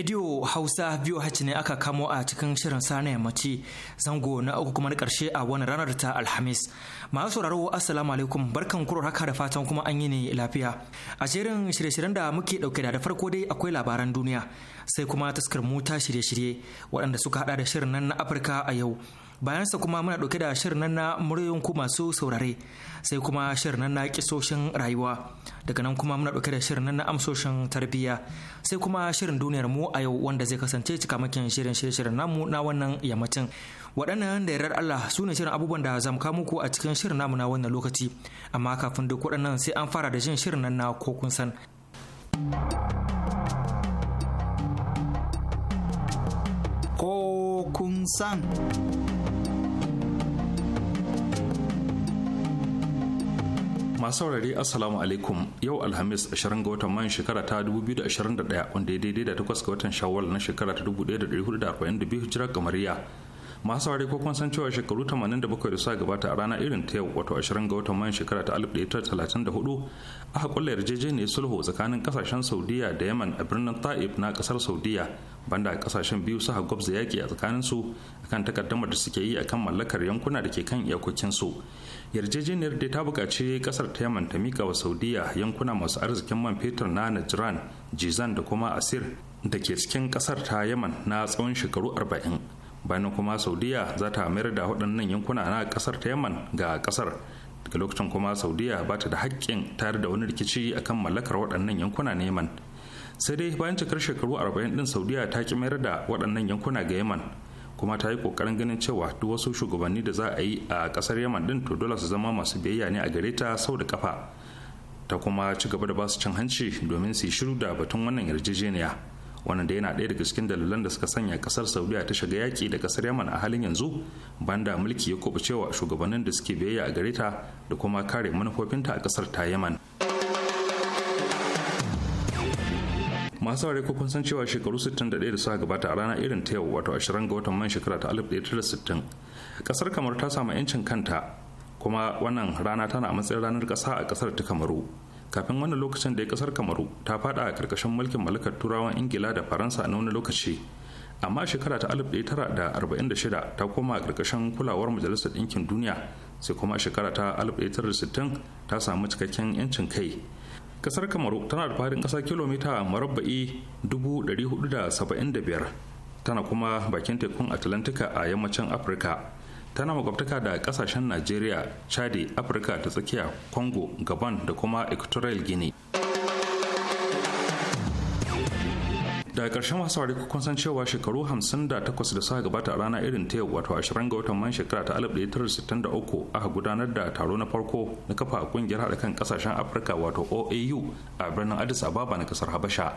Radio Hausa VOH ne aka kamo a cikin shirin sana yammaci zango na uku kuma na karshe a wani ranar ta Alhamis. Masu sauraro Assalamu alaikum barkan kuro haka da fatan kuma an yi ne lafiya. A shirin shirye-shiryen da muke dauke da farko dai akwai labaran duniya sai kuma taskar muta shirye-shirye waɗanda suka hada da shirin nan na Afirka a yau. Bayansa kuma muna ɗauke da shirin nan na muryoyin masu saurare sai kuma shirin nan na kisoshin rayuwa daga nan kuma muna ɗauke da shirin nan na amsoshin tarbiyya sai kuma shirin duniyar mu a yau wanda zai kasance cikamakin shirin shirin namu na wannan yammacin. waɗannan da yarar Allah su ne shirin abubuwan da zamu kawo muku a cikin shirin namu na wannan lokaci amma kafin duk waɗannan sai an fara da jin shirin nan na ko kun san. ko kun san. masu wurare assalamu alaikum yau alhamis 20 ga watan mayan shekara ta 2021 wanda ya daidai da 8 ga watan shawwal na shekara ta 1442 hijirar kamariya masu saurari ko kun san cewa shekaru 87 da suka gabata a rana irin ta yau wato 20 ga watan mayan shekara ta 1934 aka kulla yarjejeniyar sulhu tsakanin kasashen saudiya da yaman a birnin ta'ib na kasar saudiya banda kasashen biyu suka gwabza yaki a tsakanin su akan takaddamar da suke yi akan mallakar yankuna da ke kan iyakokin su yarjejeniyar da ta buƙaci kasar ta yaman ta mika wa saudiya yankuna masu arzikin man fetur na najran jizan da kuma asir da ke cikin kasar ta yaman na tsawon shekaru arba'in. bayan kuma saudiya za ta mayar da waɗannan yankuna na ƙasar ta yaman ga ƙasar daga lokacin kuma saudiya ba ta da haƙƙin tare da wani rikici akan mallakar waɗannan yankuna na yaman sai dai bayan cikar shekaru arba'in din saudiya ta ki mayar da waɗannan yankuna ga yaman kuma ta yi kokarin ganin cewa duk wasu shugabanni da za a yi a ƙasar yaman din to dole su zama masu biyayya ne a gare ta sau da kafa ta kuma ci gaba da basu cin hanci domin su yi shiru da batun wannan yarjejeniya wannan da yana ɗaya daga cikin dalilan da suka sanya kasar saudiya ta shiga yaƙi da kasar yaman a halin yanzu banda mulki ya cewa shugabannin da suke biyayya a gare ta da kuma kare manufofinta a kasar ta yaman masu ware kun san cewa shekaru 61 da suka gabata a rana irin ta yau wato 20 ga watan man shekara ta 1960 kasar kamar ta samu 'yancin kanta kuma wannan rana tana matsayin ranar kasa a kasar ta kamaru kafin wannan lokacin da ya kasar kamaru ta fada a karkashin mulkin mallakar turawan ingila da faransa na wani lokaci amma shekara ta 1946 ta koma a karkashin kulawar majalisar ɗinkin duniya sai kuma shekara ta 1960 ta samu cikakken 'yancin kai kasar kamaru tana da faɗin ƙasa kilomita marabba'i 475 tana kuma bakin tekun atlantika a yammacin afirka tana makwabtaka da kasashen najeriya chadi afirka ta tsakiya congo gabon da kuma equatorial guinea da ƙarshen wasu saurari kun san cewa shekaru 58 da suka gabata a rana irin ta yau wato 20 ga watan man shekara ta 1963 aka gudanar da taro na farko na kafa kungiyar haɗa kan ƙasashen afirka wato oau a birnin addis ababa na ƙasar habasha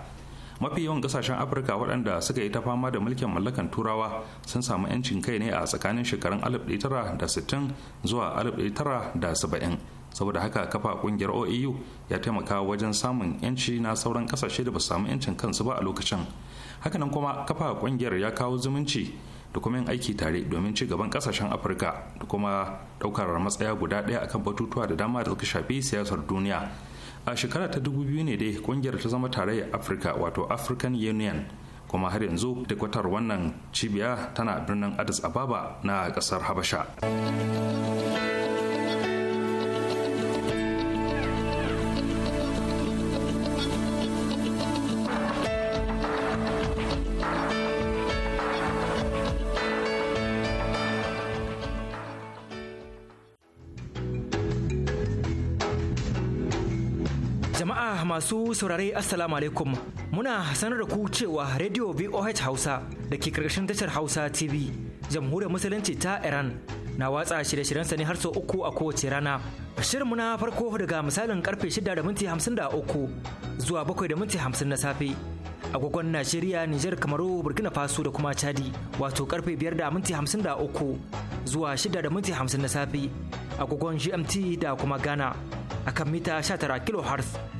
mafi yawan kasashen afirka waɗanda suka yi ta fama da mulkin mallakan turawa sun samu 'yancin kai ne a tsakanin shekarun 1960 zuwa 1970 saboda haka kafa ƙungiyar oeu ya taimaka wajen samun 'yanci na sauran kasashe da ba su samu 'yancin kansu ba a lokacin hakanan kuma kafa ƙungiyar ya kawo zumunci da kuma yin aiki tare domin ci gaban kasashen afirka da kuma ɗaukar matsaya guda ɗaya akan batutuwa da dama da suka shafi siyasar duniya a shekara ta dubu biyu ne dai kungiyar ta zama tarayyar afirka wato african union kuma har yanzu kwatar wannan cibiya tana birnin addis ababa na kasar habasha Masu saurare Assalamu alaikum muna sanar da ku cewa Radio VOH Hausa da ke karkashin tashar Hausa TV jamhuriyar musulunci ta Iran na watsa shirye-shiryensa ne har sau uku a kowace rana. Shirin muna farko daga misalin karfe shida da minti hamsin da uku zuwa bakwai da minti hamsin na safe. agogon Najeriya, niger Kamaru, Burkina Faso da kuma Chadi wato karfe 5 da minti 53 zuwa 6 da minti 50 na safe agogon GMT da kuma Ghana akan mita 19 kHz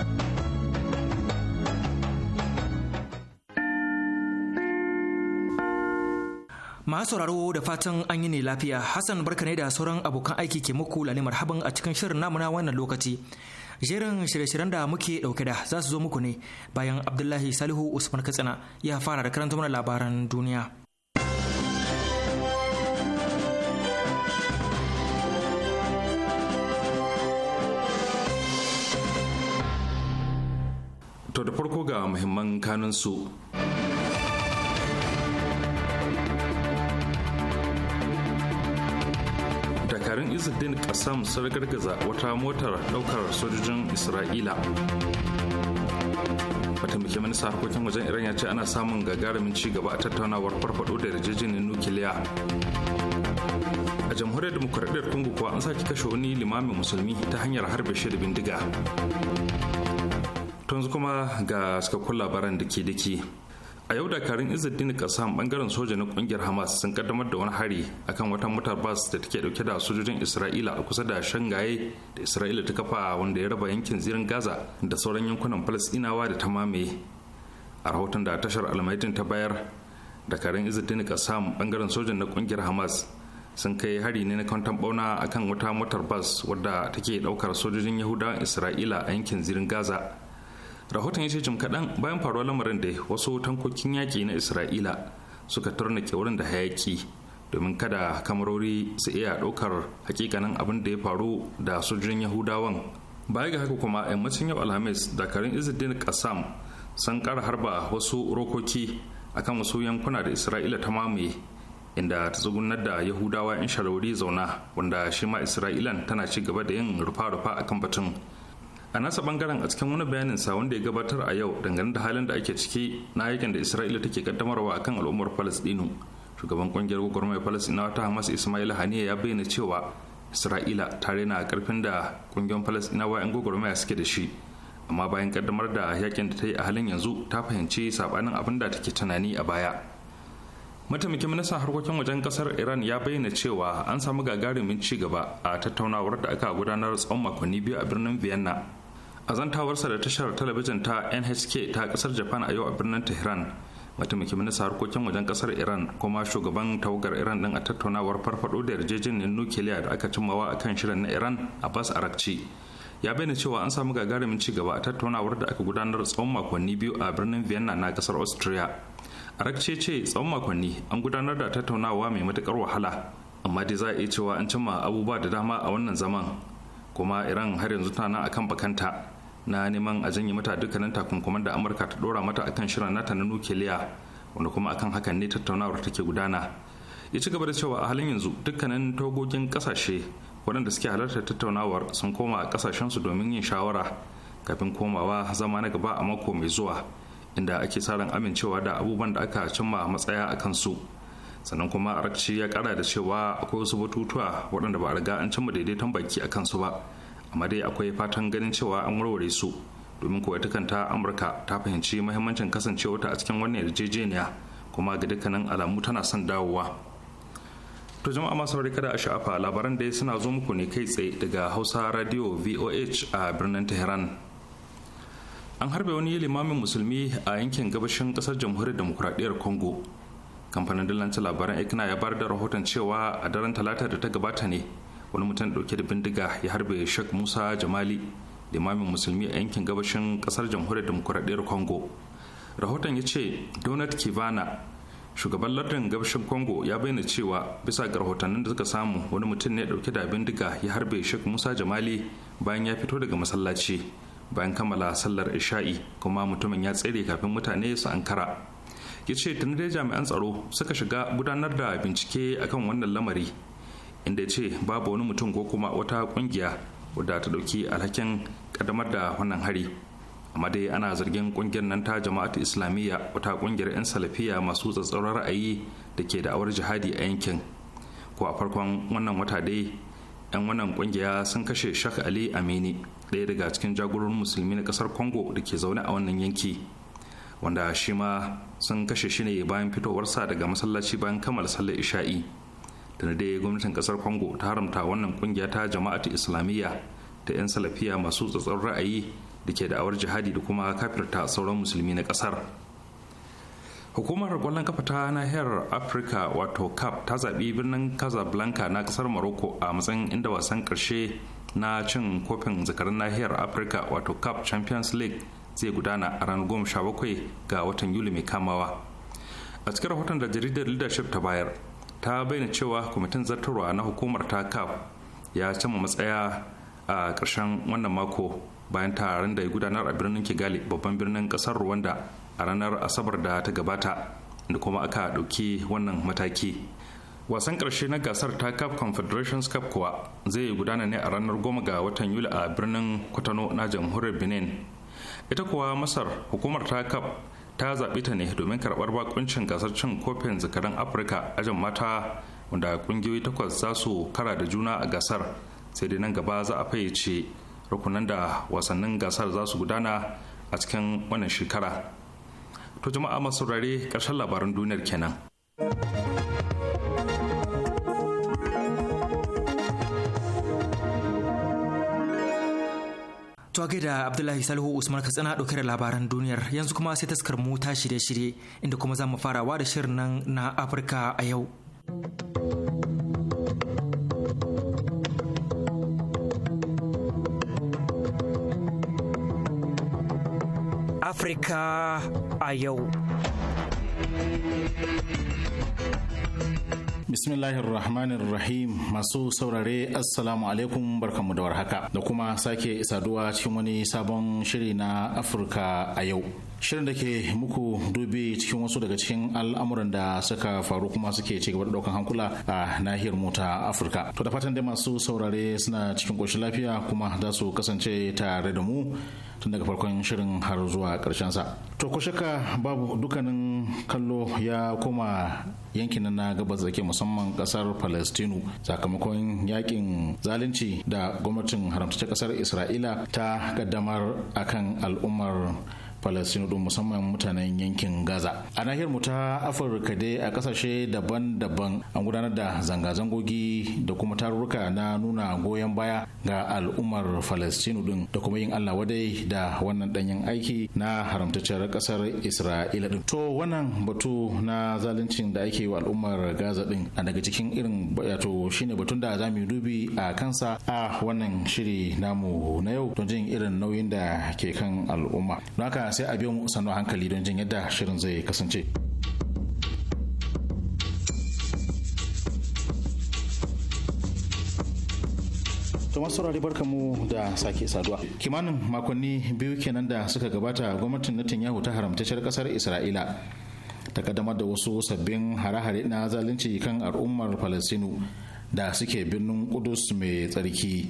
Masu sauraro da fatan an yi ne lafiya Hassan barka ne da sauran abokan aiki ke muku lale marhaban a cikin shirin namuna wannan lokaci. Jerin shirye-shiryen da muke dauke da za su zo muku ne bayan Abdullahi Salihu Usman Katsina ya fara da karanta mana labaran duniya. To da farko ga muhimman kanunsu. su dakarun izuddin kasam sun gargaza wata motar daukar sojojin isra'ila mataimakin minista harkokin wajen iran ya ce ana samun gagarumin ci gaba a tattaunawar farfado da yarjejeniyar nukiliya a jamhuriyar demokuraɗiyar congo kuwa an sake kashe wani limamin musulmi ta hanyar harbe shi da bindiga tunzu kuma ga suka labaran da ke dake a yau dakarun izuddin kasam bangaren soja na kungiyar hamas sun kaddamar da wani hari akan wata motar bas da take dauke da sojojin isra'ila a kusa da shangaye da isra'ila ta kafa wanda ya raba yankin zirin gaza da sauran yankunan falasɗinawa da ta mamaye a rahoton da tashar almaitin ta bayar dakarun izuddin kasam bangaren sojan na kungiyar hamas sun kai hari ne na kwantan bauna akan wata motar bas wadda take daukar sojojin yahudawan isra'ila a yankin zirin gaza rahoton ya ce jim kaɗan bayan faruwar lamarin da wasu tankokin yaki na isra'ila suka ke wurin da hayaki domin kada kamarori su iya ɗaukar hakikanin abin da ya faru da sojojin yahudawan baya ga haka kuma yammacin yau alhamis dakarun izidin kasam sun ƙara harba wasu rokoki akan wasu yankuna da isra'ila ta mamaye inda ta tsugunar da yahudawa in sharori zauna wanda shi ma isra'ilan tana ci gaba da yin rufa-rufa akan batun a nasa bangaren a cikin wani bayanin sa wanda ya gabatar a yau dangane da halin da ake ciki na yakin da isra'ila take kaddamarwa akan al'ummar falastinu shugaban kungiyar gwagwarmaya falastinawa ta hamas ismail haniya ya bayyana cewa isra'ila ta na karfin da kungiyar falastinawa 'yan gwagwarmaya suke da shi amma bayan kaddamar da yakin da ta yi a halin yanzu ta fahimci sabanin abin da take tunani a baya mataimakin ministan harkokin wajen kasar iran ya bayyana cewa an samu gagarumin ci gaba a tattaunawar da aka gudanar tsawon makonni biyu a birnin vienna azantawarsa da tashar talabijin ta nhk ta kasar japan a yau a birnin tehran mataimakin minista harkokin wajen kasar iran kuma shugaban tawagar iran din a tattaunawar farfado da yarjejeniyar nukiliya da aka cimmawa a kan shirin na iran abbas arakci ya bayyana cewa an samu gagarumin ci gaba a tattaunawar da aka gudanar tsawon makonni biyu a birnin vienna na kasar austria arakce ce tsawon makonni an gudanar da tattaunawa mai matukar wahala amma dai za a iya cewa an cimma abubuwa da dama a wannan zaman kuma iran har yanzu tana akan bakanta na neman a janye mata dukkanin takunkuman da amurka ta dora mata akan shirin nata na nukiliya wanda kuma akan hakan ne tattaunawar take gudana ya ci gaba da cewa a halin yanzu dukkanin togogin kasashe waɗanda suke halartar tattaunawar sun koma a kasashensu domin yin shawara kafin komawa zama na gaba a mako mai zuwa inda ake sa ran amincewa da abubuwan da aka cimma matsaya a kansu sannan kuma arakci ya kara da cewa akwai wasu batutuwa waɗanda ba a riga an cimma daidaiton baki a kansu ba amma dai akwai fatan ganin cewa an warware su domin kuwa ta kanta amurka ta fahimci mahimmancin ta a cikin wannan yarjejeniya kuma ga dukkanin alamu tana son dawowa to jama'a masu kada a sha'afa labaran dai suna zo muku ne kai tsaye daga hausa radio voh a birnin tehran an harbe wani limamin musulmi a yankin gabashin kasar jamhuriyar demokuraɗiyyar congo kamfanin dillancin labaran ikna ya bar da rahoton cewa a daren talata da ta gabata ne wani mutum dauke da bindiga ya harbe Sheikh musa jamali limamin musulmi a yankin gabashin kasar jamhuriyar demokuraɗiyar congo rahoton ya ce donald kivana shugaban lardin gabashin congo ya bayyana cewa bisa ga rahotannin da suka samu wani mutum ne dauke da bindiga ya harbe Sheikh musa jamali bayan ya fito daga masallaci bayan kammala sallar isha'i kuma mutumin ya tsere kafin mutane su ankara ya ce tuni dai jami'an tsaro suka shiga gudanar da bincike akan wannan lamari inda ce babu wani mutum ko kuma wata kungiya wadda ta dauki alhakin kaddamar da wannan hari amma dai ana zargin kungiyar nan ta jama'atu islamiyya wata kungiyar 'yan salafiya masu tsatsauran ra'ayi da ke da'awar jihadi a yankin ko a farkon wannan wata dai 'yan wannan kungiya sun kashe shak ali amini daya daga cikin jagororin musulmi na kasar congo da ke zaune a wannan yanki wanda shi ma sun kashe shi ne bayan fitowarsa daga masallaci bayan kammala sallar isha'i tana dai gwamnatin kasar congo ta haramta wannan kungiya ta jama'atu islamiyya ta 'yan salafiya masu tsatsar ra'ayi da ke da'awar jihadi da kuma kafirta sauran musulmi na kasar hukumar kwallon kafa ta nahiyar afirka wato cap ta zaɓi birnin casablanca na kasar morocco a matsayin inda wasan ƙarshe na cin kofin zakarin nahiyar afirka wato cap champions league zai gudana a ranar goma sha bakwai ga watan yuli mai kamawa a cikin rahoton da jaridar leadership ta bayar ta bayyana cewa kwamitin zartarwa na hukumar ta kaf ya cama matsaya a ƙarshen wannan mako bayan taron da ya gudanar a birnin kigali babban birnin ƙasar rwanda a ranar asabar da ta gabata da kuma aka ɗauki wannan mataki wasan ƙarshe na gasar ta cup confederations cup kuwa zai gudana ne a ranar goma ga watan yuli a birnin kwatano na jamhuriyar benin ita kuwa masar hukumar ta cup ta zaɓi ta ne domin karɓar bakuncin gasar cin kofin zakaran afirka ajin mata wanda ƙungiyoyi takwas za su kara da juna a gasar sai dai nan gaba za a fayyace rukunan da wasannin gasar za su gudana a cikin wannan shekara to jama'a masu rare ƙarshen labaran duniyar kenan To da Abdullahi Salihu Usman Katsina ɗauke da labaran duniyar yanzu kuma sai taskar mu ta shirye-shirye inda kuma za mu fara wa da shirin nan na Afirka a yau. Afirka a yau. Bismillahirrahmanirrahim Rahmanir Rahim masu saurare Assalamu alaikum barkamu da warhaka da kuma sake saduwa cikin wani sabon shiri na Afirka a yau. Shirin da ke muku dubi cikin wasu daga cikin al'amuran da suka faru kuma suke ci gaba da daukan hankula a nahiyar mota Afirka. To da fatan dai masu saurare suna cikin ƙoshin lafiya kuma za su kasance tare da mu tun daga farkon shirin har zuwa sa to ku shaka babu dukkanin kallo ya koma yankin na gabas da ke musamman kasar palestinu sakamakon yakin zalunci da gwamnatin haramtacce kasar isra'ila ta kaddamar akan al'ummar din musamman mutanen yankin gaza a nahiyar mu ta afirka dai a kasashe daban-daban an gudanar da zanga-zangogi da kuma tarurruka na nuna goyon baya ga al'ummar palestino din da kuma yin allah wadai da wannan danyen aiki na haramtacciyar kasar isra'ila din to wannan batu na zaluncin da ake wa al'ummar gaza din a daga cikin irin to shine batun da za mu dubi a kansa a wannan shiri namu na yau don jin irin nauyin da ke kan al'umma don haka sai a biyo mu sannu hankali don jin yadda shirin zai kasance. masu saurari barka mu da sake saduwa. Kimanin makonni biyu kenan da suka gabata gwamnatin Netanyahu ta haramtacciyar kasar Isra'ila ta kaddamar da wasu sabbin hare-hare na zalunci kan al'ummar Falasinu da suke birnin Kudus mai tsarki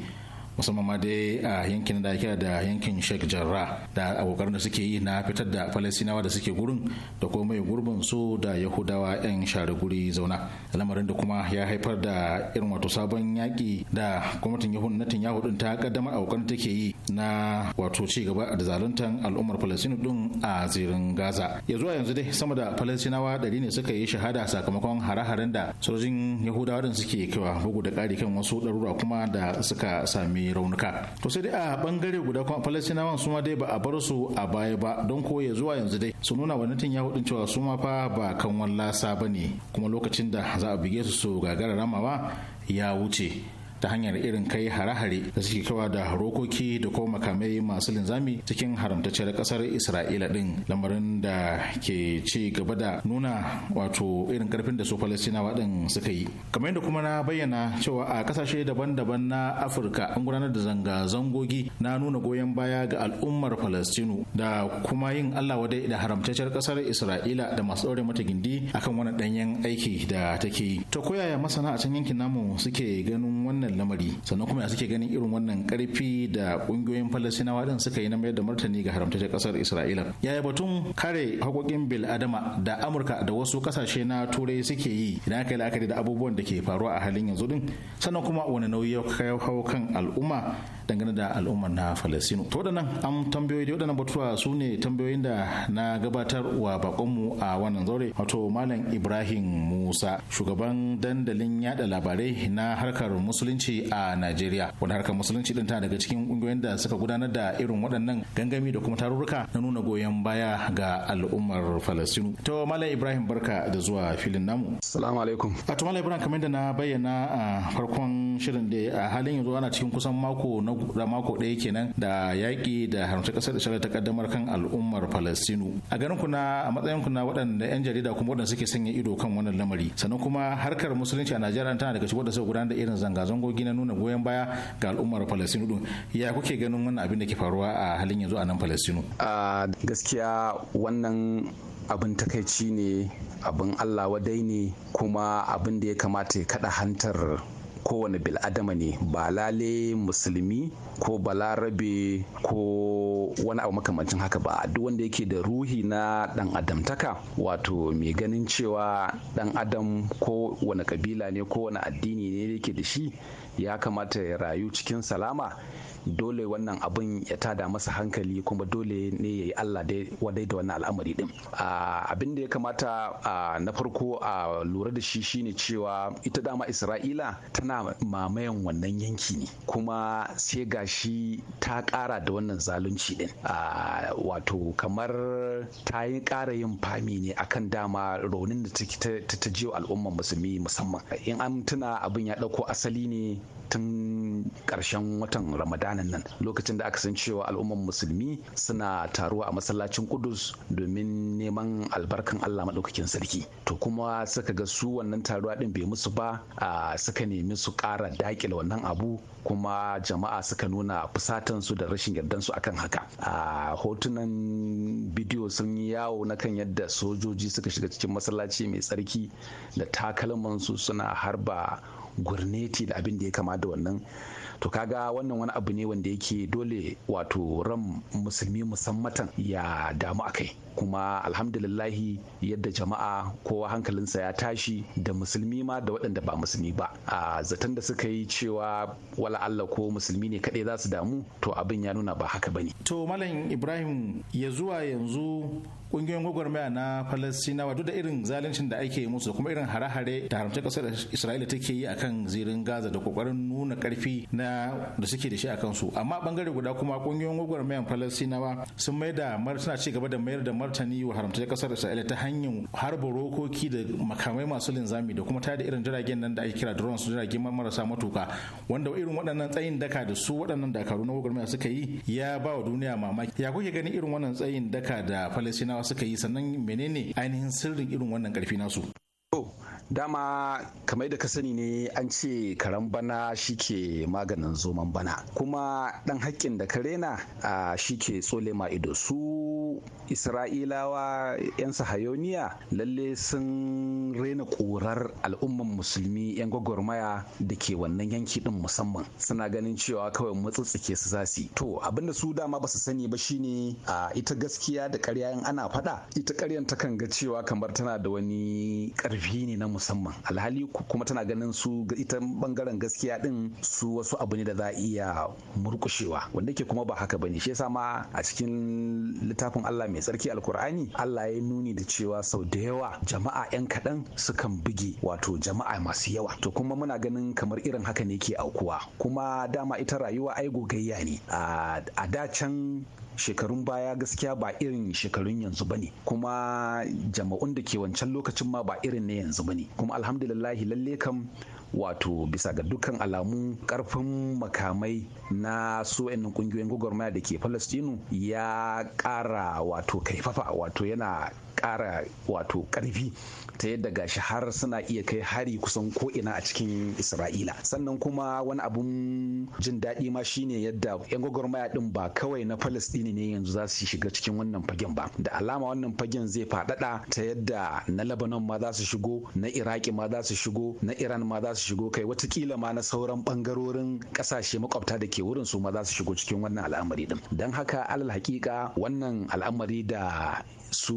musamman ma dai a yankin da ake da yankin Sheikh Jarrah da abokan da suke yi na fitar da Falasinawa da suke gurin da kuma mai gurbin su da Yahudawa 'yan share guri zauna. Lamarin da kuma ya haifar da irin wato sabon yaki da gwamnatin Yahun Natin Yahu din ta kaddamar abokan take yi na wato ci gaba da zaluntan al'ummar Falasinu din a zirin Gaza. Ya zuwa yanzu dai sama da Falasinawa ɗari ne suka yi shahada sakamakon hare-haren da sojin Yahudawa din suke kaiwa bugu da ƙari kan wasu ɗarura kuma da suka sami mai raunuka to sai dai a bangare guda kuma falastinawan su ma dai ba a bar su a baya ba don ko ya zuwa yanzu dai su nuna wa ya din cewa su ma fa ba kan wallasa ba ne kuma lokacin da za a buge su su gagara ramawa ya wuce ta hanyar irin kai hare-hare da suke kawa da rokoki da kuma makamai masu linzami cikin haramtacciyar kasar isra'ila din lamarin da ke ci gaba da nuna wato irin karfin da su falastinawa din suka yi kamar yadda kuma na bayyana cewa a kasashe daban-daban na afirka an gudanar da zanga-zangogi na nuna goyon baya ga al'ummar falastinu da kuma yin allah wadai da haramtacciyar kasar isra'ila da masu ɗaure mata gindi akan wani ɗanyen aiki da take yi ta koyaya masana a can yankin namu suke ganin wannan wannan lamari sannan kuma ya suke ganin irin wannan karfi da kungiyoyin falasinawa din suka yi na mayar da martani ga haramtaccen kasar isra'ila yaya batun kare haƙoƙin bil adama da amurka da wasu kasashe na turai suke yi idan aka yi la'akari da abubuwan da ke faruwa a halin yanzu din sannan kuma wani nauyi ya kawo kan al'umma dangane da al'ummar na falasino to waɗannan an tambayoyi da waɗannan batutuwa su ne tambayoyin da na gabatar wa bakonmu a wannan zaure wato malam ibrahim musa shugaban dandalin yada labarai na harkar musulunci musulunci a Najeriya wanda harkar musulunci din ta daga cikin ƙungiyoyin da suka gudanar da irin waɗannan gangami da kuma tarurruka na nuna goyon baya ga al'ummar Falasinu. to Malam Ibrahim barka da zuwa filin namu assalamu alaikum a to Malam Ibrahim kamar da na bayyana a farkon shirin da a halin yanzu ana cikin kusan mako na da mako ɗaya kenan da yaƙi da haramta ƙasar Isra'ila ta kaddamar kan al'ummar Falasinu. a garin ku na a matsayin ku na waɗanda 'yan jarida kuma waɗanda suke sanya ido kan wannan lamari sannan kuma harkar musulunci a Najeriya tana daga cikin waɗanda suka gudanar da irin zanga-zango bindigogi na nuna goyon baya ga al'ummar Falasinu din ya kuke ganin wannan abin da ke faruwa a halin yanzu a nan Falasinu a gaskiya wannan abin takaici ne abin Allah wadai ne kuma abin da ya kamata ya kada hantar kowane bil'adama ne ba lale musulmi ko balarabe ko wani abu makamancin haka ba duk wanda yake da ruhi na dan adamtaka wato mai ganin cewa dan adam ko wani kabila ne ko wani addini ne yake da shi ya kamata ya rayu cikin salama dole wannan abin ya tada masa hankali kuma dole ne ya yi allah dai wadai da wannan al'amari din abin da ya kamata na farko a lura da shi shine cewa ita dama isra'ila tana mamayan wannan yanki ne kuma sai gashi ta kara da wannan zalunci din wato kamar ta yi kara yin fami ne akan dama raunin da ta ta al'ummar musulmi musamman in an tuna abin ya dauko asali ne tun ƙarshen watan ramadanan nan lokacin da aka san cewa al'umman musulmi suna taruwa a masallacin kudus domin neman albarkan allah maɗaukakin sarki to kuma suka ga su wannan taruwa ɗin bai musu ba a suka nemi su ƙara daƙile wannan abu kuma jama'a suka nuna su da rashin yardan su akan haka a hotunan bidiyo sun yi yawo na kan yadda sojoji suka shiga cikin masallaci mai tsarki da takalmansu suna harba gurneti da abin da ya kama da wannan to kaga wannan wani abu ne wanda yake dole wato ran musulmi musammatan ya damu akai kuma alhamdulillahi yadda jama'a kowa hankalinsa ya tashi da musulmi ma da waɗanda ba musulmi ba a zaton da suka yi cewa wala Allah ko musulmi ne kaɗai za su damu to abin ya nuna ba haka bane to malam ibrahim ya zuwa yanzu kungiyoyin gwagwarmaya na Falasinawa duk da irin zaluncin da ake musu da kuma irin hare-hare da haramta kasar isra'ila take yi akan zirin gaza da kokarin nuna karfi na da suke da shi a kansu amma bangare guda kuma kungiyoyin gwagwarmayan Falasinawa sun mai da suna ci gaba da mayar da martani wa haramta kasar isra'ila ta hanyar harba rokoki da makamai masu linzami da kuma tada irin jiragen nan da ake kira drones jiragen marasa matuka wanda irin waɗannan tsayin daka da su waɗannan dakaru na gwagwarmaya suka yi ya ba wa duniya mamaki ya kuke ganin irin wannan tsayin daka da falasinawa suka yi sannan menene ainihin sirrin irin wannan karfi nasu dama kamar da ka sani ne an ce karen bana shike maganin zoman bana kuma dan hakkin da ka rena shike tsole ma ido su isra'ilawa 'yan sahayoniya lalle sun rena korar al'umman musulmi 'yan gwagwarmaya da ke wannan yanki din musamman suna ganin cewa kawai matsatsike su zasi to abinda su dama ba su sani ba shine a ita gaskiya da karya ana faɗa ita karyan kan ga cewa kamar tana da wani ƙarfi ne na musamman alhali kuma tana ganin su ita bangaren gaskiya din su wasu abu ne da za a iya murkushewa wanda ke kuma ba haka bane shi yasa ma a cikin littafin Allah mai tsarki alkur'ani Allah ya nuni da cewa sau da yawa jama'a yan kaɗan sukan buge wato jama'a masu yawa to kuma muna ganin kamar irin haka ne ke aukuwa kuma dama ita rayuwa ai gogayya ne a da can shekarun baya gaskiya ba irin shekarun yanzu bane kuma jama'un da ke wancan lokacin ma ba irin na yanzu bane kuma alhamdulillahi lalle kam wato bisa ga dukkan alamu karfin makamai na su nan kungiyoyin gwagwarmaya da ke Falastinu ya ƙara wato kaifafa wato yana ƙara wato ƙarfi ta yadda gashi har suna iya kai hari kusan ko ina a cikin isra'ila sannan kuma wani abun jin daɗi ma shine yadda yan gwagwarmaya din ba kawai na palestini ne yanzu za su shiga cikin wannan fagen ba da alama wannan fagen zai faɗaɗa ta yadda na labanon ma za su shigo na iraki ma za su shigo na iran ma za su shigo kai watakila ma na sauran ɓangarorin ƙasashe makwabta da ke wurin su ma za su shigo cikin wannan al'amari din don haka alal hakika wannan al'amari da su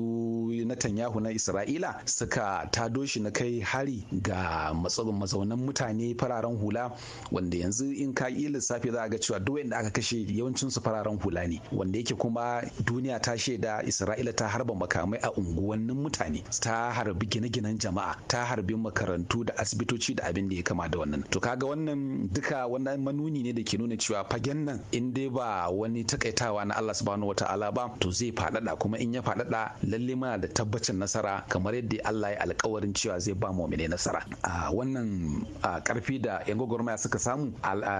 Netanyahu na Isra'ila suka tado shi na kai hari ga mazaunan mutane fararen hula wanda yanzu in ka yi lissafi za a ga cewa duk da aka kashe yawancin su fararen hula ne wanda yake kuma duniya ta shaida Isra'ila ta harba makamai a unguwannin mutane ta harbi gine-ginen jama'a ta harbi makarantu da asibitoci da abin da ya kama da wannan to kaga wannan duka wannan manuni ne da ke nuna cewa fagen nan in dai ba wani takaitawa na Allah subhanahu wata'ala ba to zai faɗaɗa kuma in ya faɗaɗa lallai lalle muna da tabbacin nasara kamar yadda Allah ya alkawarin cewa zai ba ne nasara a wannan karfi da yan gwagwarmaya suka samu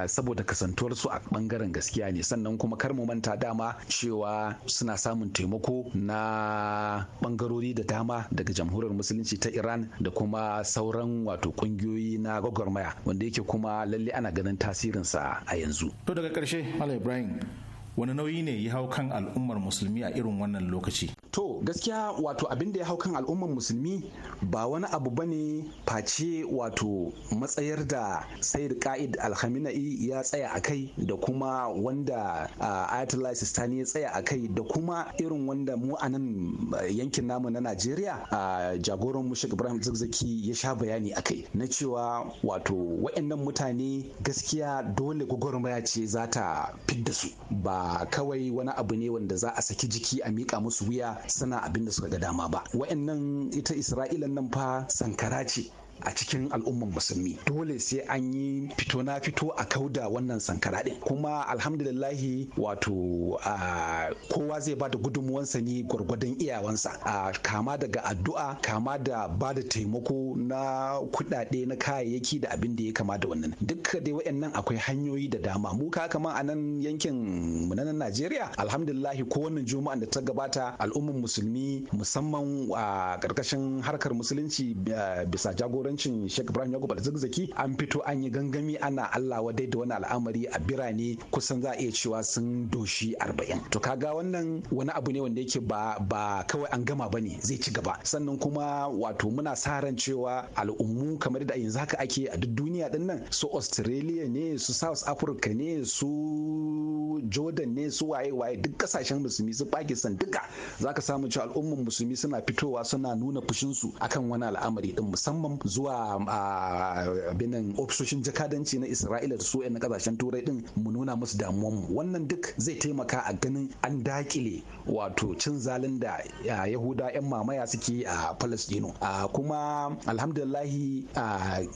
saboda kasantuwar su a bangaren gaskiya ne sannan kuma kar mu manta dama cewa suna samun taimako na bangarori da dama daga jamhuriyar musulunci ta Iran da kuma sauran wato kungiyoyi na gwagwarmaya wanda yake kuma lalle ana ganin tasirinsa a yanzu to daga ƙarshe Ibrahim wani nauyi ne ya hau kan al'ummar musulmi a irin wannan lokaci to gaskiya wato abin da ya hau kan al'ummar musulmi ba wani abu ba ne face wato matsayar da sayyid ka'id alhamina'i ya tsaya a kai da kuma wanda ayatollah sistani ya tsaya a kai da kuma irin wanda mu a nan yankin namu na najeriya jagoran mushik ibrahim zigzaki ya sha bayani a kai na cewa wato wa'annan mutane gaskiya dole gwagwarmaya ce za ta fidda su ba kawai wani abu ne wanda za a saki jiki a miƙa musu wuya suna abin da suka ga dama ba wa'annan ita isra'ilan nan fa sankara ce a cikin al'ummar musulmi dole sai an yi fito na fito a kauda wannan sankara din kuma alhamdulillahi wato kowa zai bada gudunmuwansa ne gwargwadon iyawansa a kama daga addu'a kama da bada taimako na kuɗaɗe na kayayyaki da abin da ya kama da wannan duk dai wayannan akwai hanyoyi da dama mu ka kaman a nan yankin mu na Najeriya alhamdulillahi ko wannan juma'an da ta gabata al'umman musulmi musamman a ƙarƙashin harkar musulunci bisa jagora jagorancin Sheikh Ibrahim Yakubu Alzakzaki an fito an yi gangami ana Allah wadai da wani al'amari a birane kusan za a iya cewa sun doshi arba'in. To kaga wannan wani abu ne wanda yake ba ba kawai an gama bane zai ci gaba. Sannan kuma wato muna sa ran cewa al'ummu kamar da yanzu haka ake a duk duniya din nan su Australia ne su South Africa ne su Jordan ne su waye waye duk kasashen musulmi su Pakistan duka zaka samu cewa al'umman musulmi suna fitowa suna nuna fushinsu akan wani al'amari din musamman zuwa binin ofisoshin jakadanci na isra'ila da su na kasashen turai din mu nuna musu mu. wannan duk zai taimaka a ganin an dakile wato cin zalin da yahuda 'yan mamaya suke a palestino kuma alhamdulillahi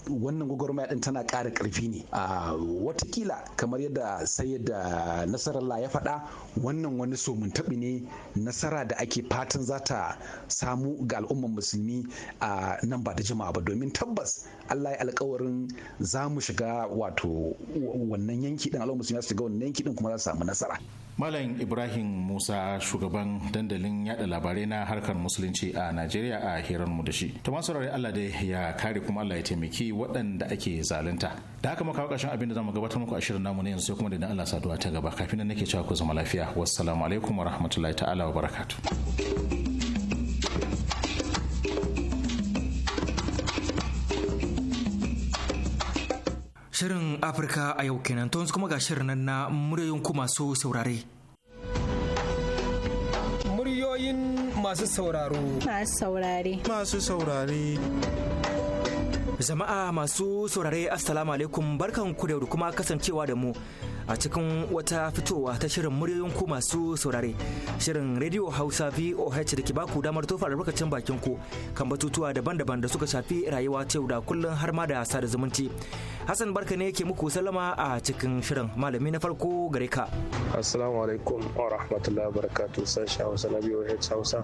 wannan gwagwarmaya din tana ƙara karfi ne a watakila kamar yadda sai da nasarallah ya faɗa wannan wani somuntaɓi ne nasara da ake fatan za ta samu ga al'ummar musulmi a nan ba da jima'a ba domin domin tabbas Allah ya alkawarin za mu shiga wato wannan yanki din Allah ya shiga wannan yanki din kuma za su samu nasara Malam Ibrahim Musa shugaban dandalin yada labarai na harkar musulunci a Najeriya a hirar mu da shi. To masu Allah dai ya kare kuma Allah ya taimaki waɗanda ake zalunta. Da haka muka ƙarshen abin da zamu gabatar muku a shirin namu ne yanzu sai kuma da Allah saduwa ta gaba kafin nan nake cewa ku zama lafiya. Wassalamu alaikum wa ta'ala wa barakatuh. Shirin Afirka a yau kenan to kuma ga shirin nan na muryoyin ku masu saurare. Muryoyin masu sauraro. Masu saurare. Masu saurare. Jama'a masu saurare Assalamu alaikum barkan ku da kuma kasancewa da mu. a cikin wata fitowa ta shirin muryoyin ku masu saurare shirin radio hausa voh da ke baku damar tofa albarkacin bakin ku kan batutuwa daban-daban da suka shafi rayuwa ta da kullum har ma da sada zumunci hassan barka ne ke muku salama a cikin shirin malami na farko gare ka assalamu alaikum wa rahmatullahi barakatuh sashi hausa na voh hausa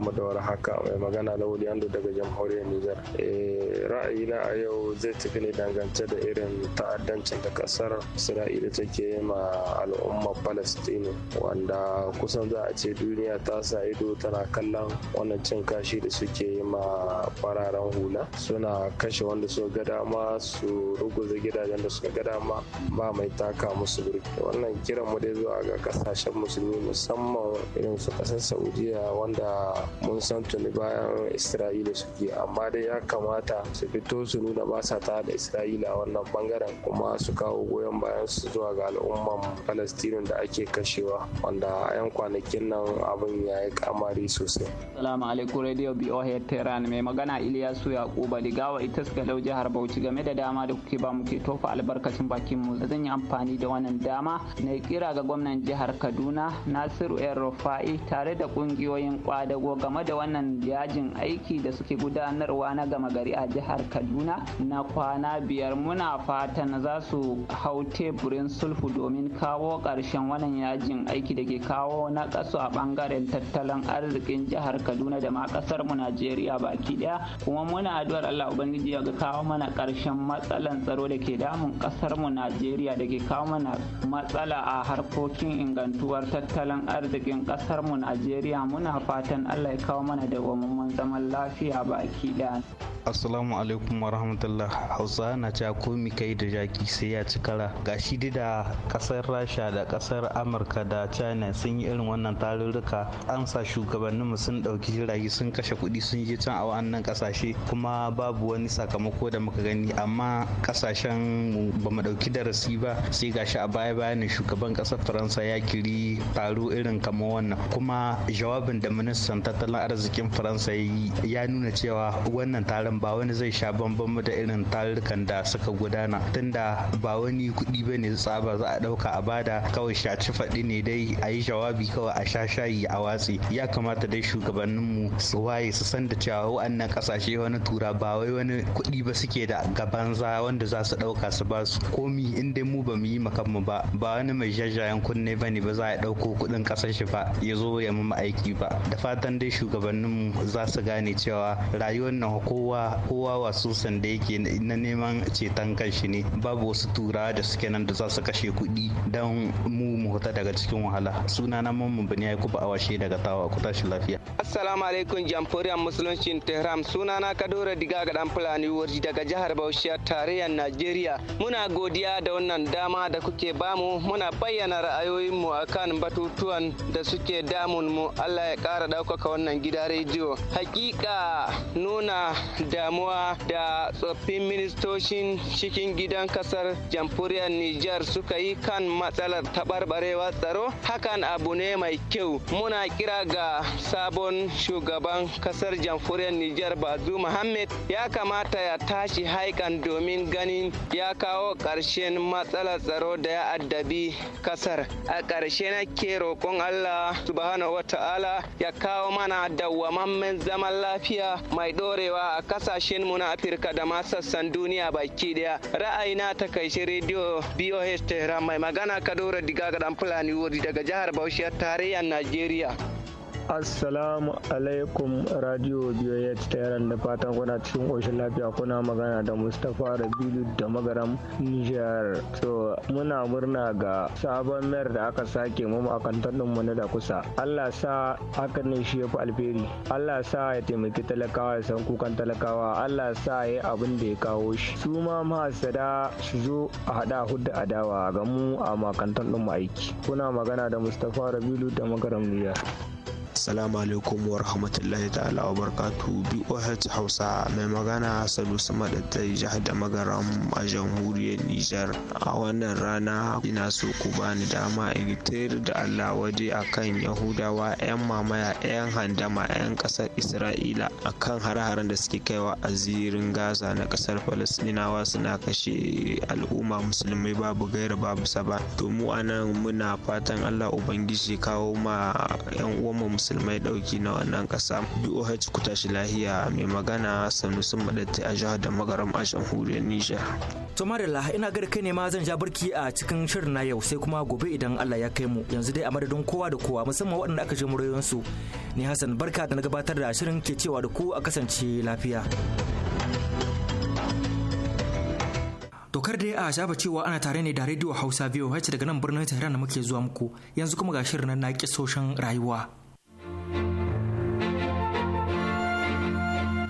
mu da haka mai magana lawali ando daga jamhuriyar nijar eh, ra'ayina a yau zai tafi ne dangance da irin ta'addancin da kasar isra'ila take yake ma al'ummar palestine wanda kusan za a ce duniya ta sa ido tana kallon wannan cin kashi da suke yi ma fararen hula suna kashe wanda suka ga dama su ruguza gidajen da suka ga dama ba mai taka musu birki wannan kiran mu dai zuwa ga kasashen musulmi musamman irin su kasar saudiya wanda mun san tuni bayan isra'ila suke amma dai ya kamata su fito su nuna ba sa ta da isra'ila wannan bangaren kuma su kawo goyon bayan su zuwa ga al'umman palestine da ake kashewa wanda 'yan kwanakin nan abin ya yi kamari sosai salamu alaikum radio boh tehran mai magana iliyasu yakuba digawa ita suka lau jihar bauchi game da dama da kuke ba ke tofa albarkacin bakin mu zan yi amfani da wannan dama na kira ga gwamnan jihar kaduna nasiru yan rufa'i tare da kungiyoyin kwadago game da wannan yajin aiki da suke gudanarwa na gama gari a jihar kaduna na kwana biyar muna fatan za su hau teburin Sulfur." ku domin kawo ƙarshen wannan yajin aiki da ke kawo na a ɓangaren tattalin arzikin jihar Kaduna da ma ƙasar mu Najeriya baki ɗaya kuma muna addu'ar Allah Ubangiji ya ga kawo mana ƙarshen matsalan tsaro da ke damun ƙasar mu Najeriya da ke kawo mana matsala a harkokin ingantuwar tattalin arzikin ƙasar mu Najeriya muna fatan Allah ya kawo mana da gwamnatin zaman lafiya baki ɗaya. Assalamu alaikum wa rahmatullah Hausa na ca ko da jaki sai ya ci kara gashi da Ƙasar kasar rasha da kasar amurka da china sun yi irin wannan tarurruka an sa shugabanninmu sun ɗauki jirage sun kashe kuɗi sun je can a wannan kasashe kuma babu wani sakamako da muka gani amma kasashen ba mu ɗauki darasi ba sai gashi a baya ne shugaban ƙasar faransa ya kiri taro irin kamar wannan kuma jawabin da ministan tattalin arzikin faransa ya nuna cewa wannan taron ba wani zai sha bambam da irin tarurrukan da suka gudana tunda ba wani kuɗi ba ne tsaba ba za a ɗauka a bada kawai shaci faɗi ne dai a yi jawabi kawai a sha shayi a watsi ya kamata dai shugabanninmu su waye su san da cewa wa'annan ƙasashe wani tura ba wai wani kuɗi ba suke da gaban za wanda za su ɗauka su ba su komi in dai mu ba mu yi makanmu ba ba wani mai jajayen kunne ba ne ba za a ɗauko kuɗin ƙasar shi ba ya zo ya mu aiki ba da fatan dai shugabanninmu za su gane cewa rayuwar nan kowa kowa wasu sanda yake na neman ceton kanshi ne babu wasu turawa da suke nan da za su kashe kashe kuɗi don mu mu huta daga cikin wahala suna na mamman bani ya kuba awashe daga tawa ku tashi lafiya assalamu alaikum jamhuriyar musuluncin tehran suna na kadora diga ga dan fulani warji daga jihar bauchi tarayyar najeriya muna godiya da wannan dama da kuke bamu muna bayyana ra'ayoyinmu akan batutuwan da suke damun mu allah ya kara ɗaukaka wannan gida rediyo hakika nuna damuwa da tsoffin ministocin cikin gidan kasar jamhuriyar nijar suka suka yi kan matsalar taɓarɓarewar tsaro hakan abu ne mai kyau muna kira ga sabon shugaban kasar jamhuriyar Nijar Bazu Muhammad ya kamata ya tashi haikan domin ganin ya kawo ƙarshen matsalar tsaro da ya addabi kasar. A ƙarshe ke roƙon Allah subhanahu wata'ala ya kawo mana dawwamammen zaman lafiya mai ɗorewa a kasashen mu na Afirka da ma sassan duniya baki ɗaya. Ra'ayina ta kai rediyo BOH Tehran mai magana Kadora Diga ga dan Fulani wodi daga jihar Bauchi tarayyar Najeriya. Assalamu alaikum radio BOH ta yaran da fatan kuna cikin ƙoshin lafiya kuna magana da Mustapha Rabilu da magaram Niger. So muna murna ga sabon mayar da aka sake mu a kantar mu na da kusa. Allah sa hakan ne shi ya fi alheri. Allah sa ya taimaki talakawa ya san kukan talakawa. Allah sa ya yi abin da ya kawo shi. Su ma mahasada su zo a haɗa hudda adawa ga mu a makantar mu aiki. Kuna magana da Mustapha Rabilu da magaram Niger. Assalamu alaikum wa rahmatullahi ta'ala wa barkatu BOH Hausa mai magana Salu Sama da ta jihar da magaram a jamhuriyar Nijar. A wannan rana ina so ku bani dama in tayar da Allah waje kan Yahudawa 'yan mamaya 'yan handama 'yan ƙasar Isra'ila akan hare-haren da suke kaiwa a zirin Gaza na ƙasar Falasɗinawa suna kashe al'umma musulmai babu gaira babu saba. To mu anan muna fatan Allah Ubangiji kawo ma 'yan uwanmu musulmai dauki na wannan ƙasa boh ku tashi lahiya mai magana sanusi madatti a jihar da magaram a jamhuriyar nijar to marilla ina ga kai ne ma zan ja birki a cikin shirin na yau sai kuma gobe idan allah ya kai mu yanzu dai a madadin kowa da kowa musamman waɗanda aka je su ni hassan barka da na gabatar da shirin ke cewa da ku a kasance lafiya Dokar da a shafa cewa ana tare ne da Radio Hausa biyu VOH daga nan birnin Tehran da muke zuwa muku yanzu kuma ga shirin na soshin rayuwa.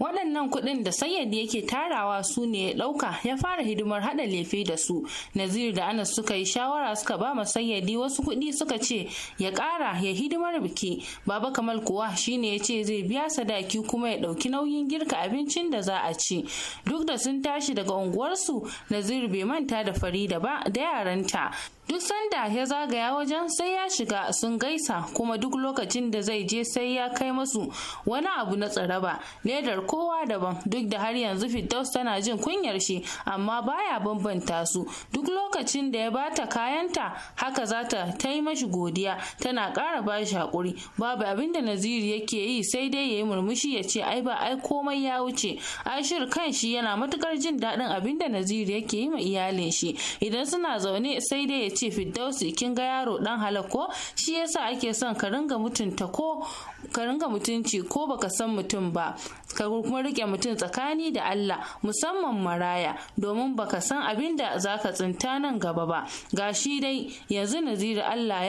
waɗannan kuɗin da sayyadi yake tarawa su ne ya ɗauka ya fara hidimar haɗa lefe da su nazir da anas suka yi shawara suka ba ma sayyadi wasu kuɗi suka ce ya ƙara ya hidimar biki baba kamal kuwa shine ya ce zai biya sadaki kuma ya ɗauki nauyin girka abincin da za a ci duk da sun tashi daga unguwarsu nazir bai manta da farida ba da yaranta duk sanda ya zagaya wajen sai ya shiga sun gaisa kuma duk lokacin da zai je sai ya kai masu wani abu na tsaraba ledar kowa daban duk da har yanzu Firdaus tana jin kunyar shi amma baya bambanta su duk lokacin da ya bata kayanta haka za ta yi mashi godiya tana ƙara ba shi haƙuri babu abin da Naziri yake yi sai dai ya yi murmushi ya ce ai ba ai komai ya wuce Ashir kan shi yana matukar jin daɗin abin da Naziri yake yi ma iyalin shi idan suna zaune sai dai ya ce Firdausi kin ga yaro dan halako shi yasa ake son ka ringa mutunta ko ka ringa mutunci ko baka san mutum ba ka kuma rike mutum tsakani da Allah musamman maraya domin baka san abin da za ka tsinta nan gaba ba ga shi dai yanzu Naziru Allah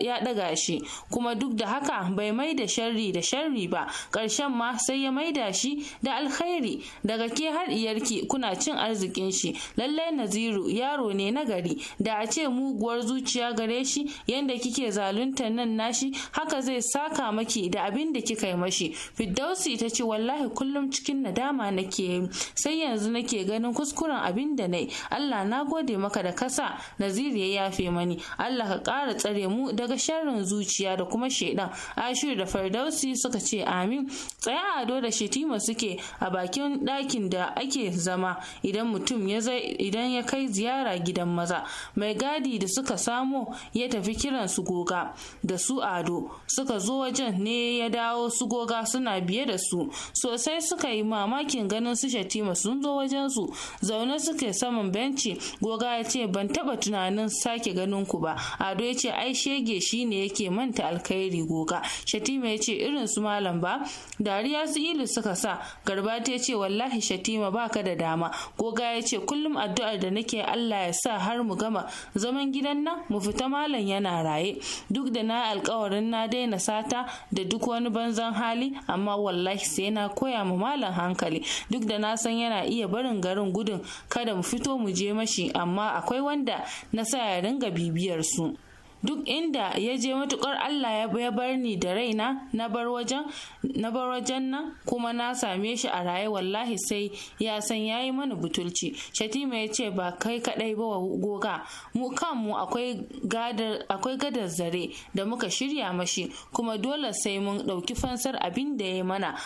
ya daga shi kuma duk da haka bai mai da sharri da sharri ba ƙarshen ma sai ya mai da shi da alkhairi daga ke har iyarki kuna cin arzikin shi lallai naziru yaro ne na gari da a ce muguwar zuciya gare shi yanda kike zalunta nan nashi haka zai saka maki miki da abin da kika yi mashi Fiddausi ta ce wallahi kullum cikin nadama nake yi sai yanzu nake ganin kuskuren abin da nayi Allah na gode maka da kasa naziri ya yafe mani Allah ka ƙara tsare mu daga sharrin zuciya da kuma shaidan ashiru da firdausi suka ce amin tsaya ado da shetima suke a bakin ɗakin da ake zama idan mutum ya zai idan ya kai ziyara gidan maza mai gadi da suka samo ya tafi kiran su goga da su ado suka zo wajen ne ya dawo su goga suna biye da su sosai suka yi mamakin ganin su Shatima sun zo wajen su zaune suke saman benci goga ya ce ban taba tunanin sake ganin ku ba Ado ya ce ai shege shi ne yake manta alkhairi goga Shatima ya ce irin su malam ba dariya su ilu suka sa garba ta ce wallahi Shatima baka da dama goga ya ce kullum addu'ar da nake Allah ya sa har mu gama zaman gidan nan mu fita malam yana raye duk da na alkawarin na daina sata da duk wani banzan hali amma wallahi sai na koya mu malam hankali duk da na san yana iya barin garin gudun kada mu fito mu je mashi amma akwai wanda na sa ya ringa bibiyar su duk inda ya je matukar Allah ya bar ni da raina na bar wajen nan kuma na same shi a raye wallahi sai ya san yayi mana butulci shatima ya ce ba kai kadai ba goga mu kanmu akwai gadar zare da muka shirya mashi kuma dole sai mun dauki fansar abin da ya mana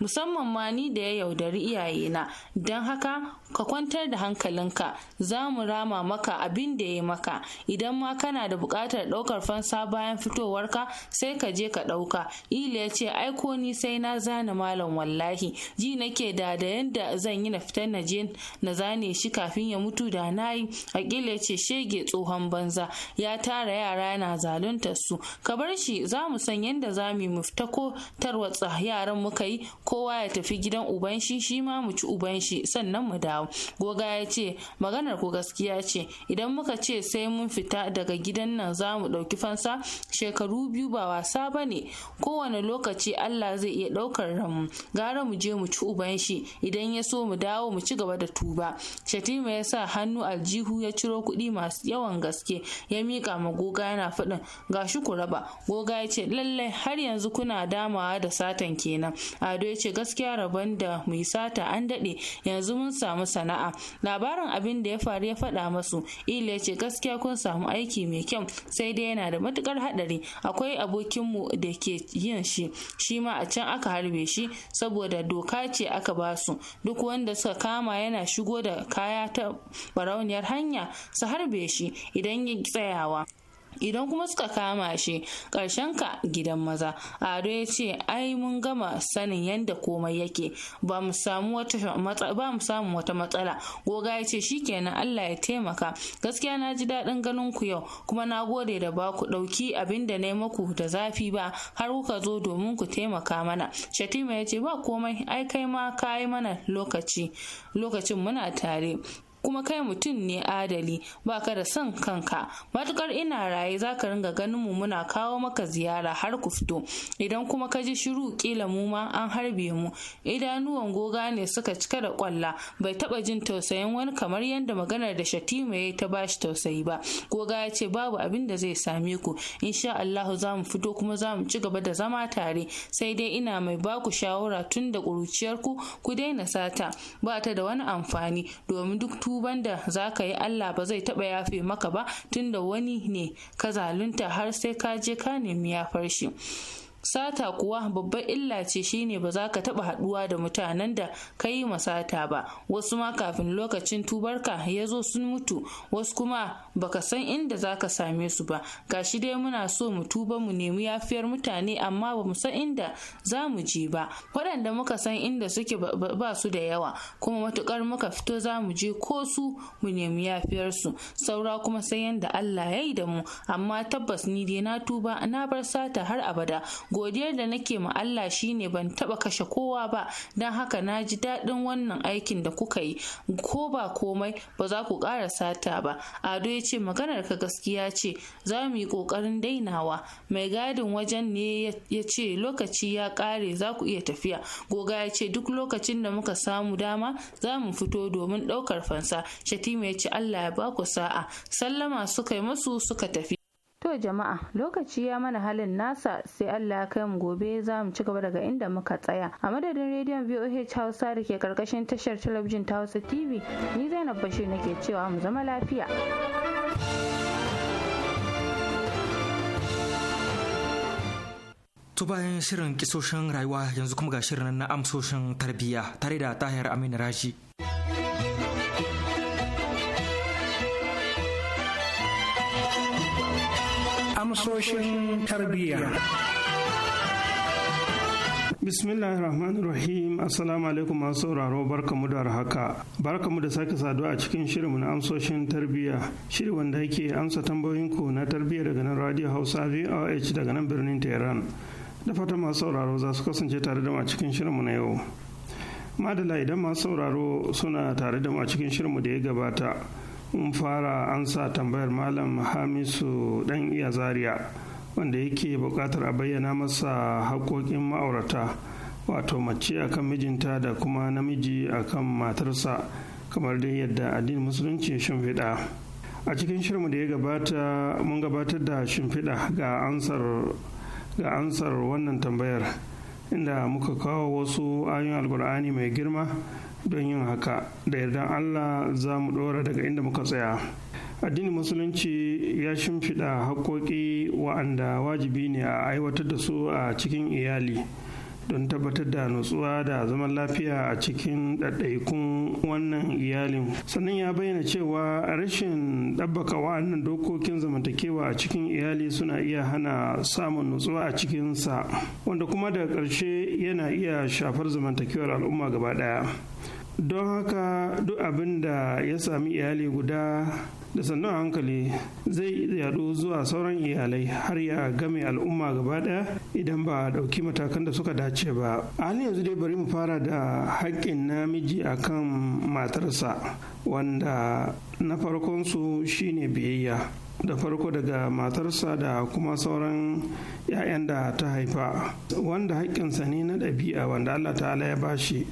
musamman ma ni da ya yaudari iyayena don haka ka kwantar da hankalinka za mu rama maka abin da ya maka idan ma kana da buƙatar ɗaukar fansa bayan fitowarka sai ka je ka ɗauka ila ya ce aiko ni sai na zane malam wallahi ji nake da da yanda zan yi na fita na je na zane shi kafin ya mutu da na yi akila ya ce shege tsohon banza ya tara yara yana zaluntar su ka bar shi za mu san yadda za mu yi mu fita ko tarwatsa yaran muka yi kowa ya tafi gidan uban shi shi ma mu ci uban shi sannan mu dawo goga ya ce maganar ku gaskiya ce idan muka ce sai mun fita daga gidan nan za mu ɗauki fansa shekaru biyu ba wasa ba ne kowane lokaci allah zai iya ɗaukar ranmu gara mu je mu ci uban shi idan ya so mu dawo mu ci gaba da tuba shatima ya sa hannu aljihu ya ciro kuɗi masu yawan gaske ya miƙa ma goga yana faɗin ga shi ku raba goga ya ce lallai har yanzu kuna damawa da satan kenan ado ce gaskiya rabon da mu sata an daɗe yanzu mun samu sana'a labarin abin da ya faru ya faɗa masu ila yace ce gaskiya kun samu aiki mai kyau sai dai yana da matukar haɗari akwai abokinmu da ke yin shi shi ma a can aka harbe shi saboda doka ce aka ba su duk wanda suka kama yana shigo da kaya ta barauniyar hanya su harbe shi idan ya tsayawa idan kuma suka kama shi karshen ka gidan maza ado ya ce ai mun gama sanin yadda komai yake ba mu samu wata matsala goga ya ce shikenan allah ya taimaka gaskiya na ji daɗin ganin ku yau kuma na gode da ba ku ɗauki abin da na maku da zafi ba har kuka zo domin ku taimaka mana shatima ya ce ba komai ai kai ma ka yi mana lokaci lokacin muna tare kuma kai mutum ne adali ba ka da son kanka matukar ina raye zaka ringa ganin mu muna kawo maka ziyara har ku fito idan kuma ka ji shiru kila mu ma an harbe mu idanuwan goga ne suka cika da kwalla bai taba jin tausayin wani kamar yadda maganar da shatima ya ta bashi tausayi ba goga ya ce babu abin da zai same ku insha Allahu za mu fito kuma za mu ci gaba da zama tare sai dai ina mai ba ku shawara tun da ku ku daina sata ba ta da wani amfani domin duk tu duban da za ka yi Allah ba zai taɓa yafe maka ba tunda wani ne ka zalunta har sai ka je ka nemi yafar shi sata kuwa babbar illa ce shine ba za ka taba haduwa da mutanen da ka yi sata ba wasu ma kafin lokacin tubarka ya zo sun mutu wasu kuma baka san inda za ka same su ba gashi dai muna so mu tuba mu nemi yafiyar mutane amma ba mu san inda za mu je ba waɗanda muka san inda suke ba su da yawa kuma matukar muka fito za mu je ko su mu nemi yafiyar su saura kuma sai yanda Allah ya yi da mu amma tabbas ni dai na tuba na bar sata har abada godiyar da nake ma Allah shine ban taba kashe kowa ba don haka na ji daɗin wannan aikin da kuka yi ko ba komai ba za ku ƙara sata ba ado ya ce maganar ka gaskiya ce za mu yi ƙoƙarin dainawa mai gadin wajen ne ya ce lokaci ya ƙare za ku iya tafiya goga ya ce duk lokacin da muka samu dama za mu fito domin ɗaukar fansa shatima ya ce Allah ya ba ku sa'a sallama suka yi masu suka tafi To jama'a lokaci ya mana halin nasa sai Allah ya kai mu gobe za mu ci gaba daga inda muka tsaya. A madadin rediyon VOH Hausa da ke karkashin tashar talabijin ta Hausa TV ni Zainab Bashir nake cewa mu zama lafiya. To bayan shirin kisoshin rayuwa yanzu kuma ga shirin na amsoshin tarbiyya tare da Tahir Amin Raji. amsoshin tarbiyya. bismillahir rahmanir rahim assalamu alaikum masu sauraro barkamu da haka barkamu da sake saduwa a cikin shirinmu na amsoshin tarbiyya shiri wanda yake amsa tambayoyin ku na tarbiyya daga nan radio hausa voh daga nan birnin tehran da fata masu sauraro za su kasance tare da mu a cikin shirinmu na yau madala idan masu sauraro suna tare da mu a cikin shirinmu da ya gabata mun fara ansa tambayar malam hamisu dan iya zaria wanda yake buƙatar a bayyana masa haƙoƙin ma'aurata wato mace akan mijinta da kuma namiji akan matarsa kamar dai yadda addinin musulunci ya shimfiɗa a cikin shirmu da ya gabata mun gabatar da shimfiɗa ga ansar ga ansar wannan tambayar inda muka kawo wasu ayoyin alkur'ani mai girma don yin haka da yardan allah za mu ɗora daga inda muka tsaya addinin musulunci ya shimfiɗa haƙoƙi wa'anda wajibi ne a aiwatar da su a cikin iyali don tabbatar da nutsuwa da zaman lafiya a cikin ɗaɗɗaikun wannan iyalin sannan ya bayyana cewa rashin ɗabbaka wa'annan dokokin zamantakewa a cikin iyali suna iya hana samun nutsuwa a cikinsa wanda kuma daga ƙarshe yana iya shafar zamantakewar al'umma gaba ɗaya don haka duk abin da ya sami iyali guda da sannan hankali zai yadu zuwa sauran iyalai har ya game al'umma gaba daya idan ba a ɗauki matakan da suka dace ba a halin yanzu dai bari mu fara da haƙƙin namiji a kan matarsa wanda na farkonsu shine biyayya da farko daga matarsa da kuma sauran 'ya'yan da ta haifa wanda haƙƙinsa ne na ɗabi'a wanda allah ta'ala ya bashi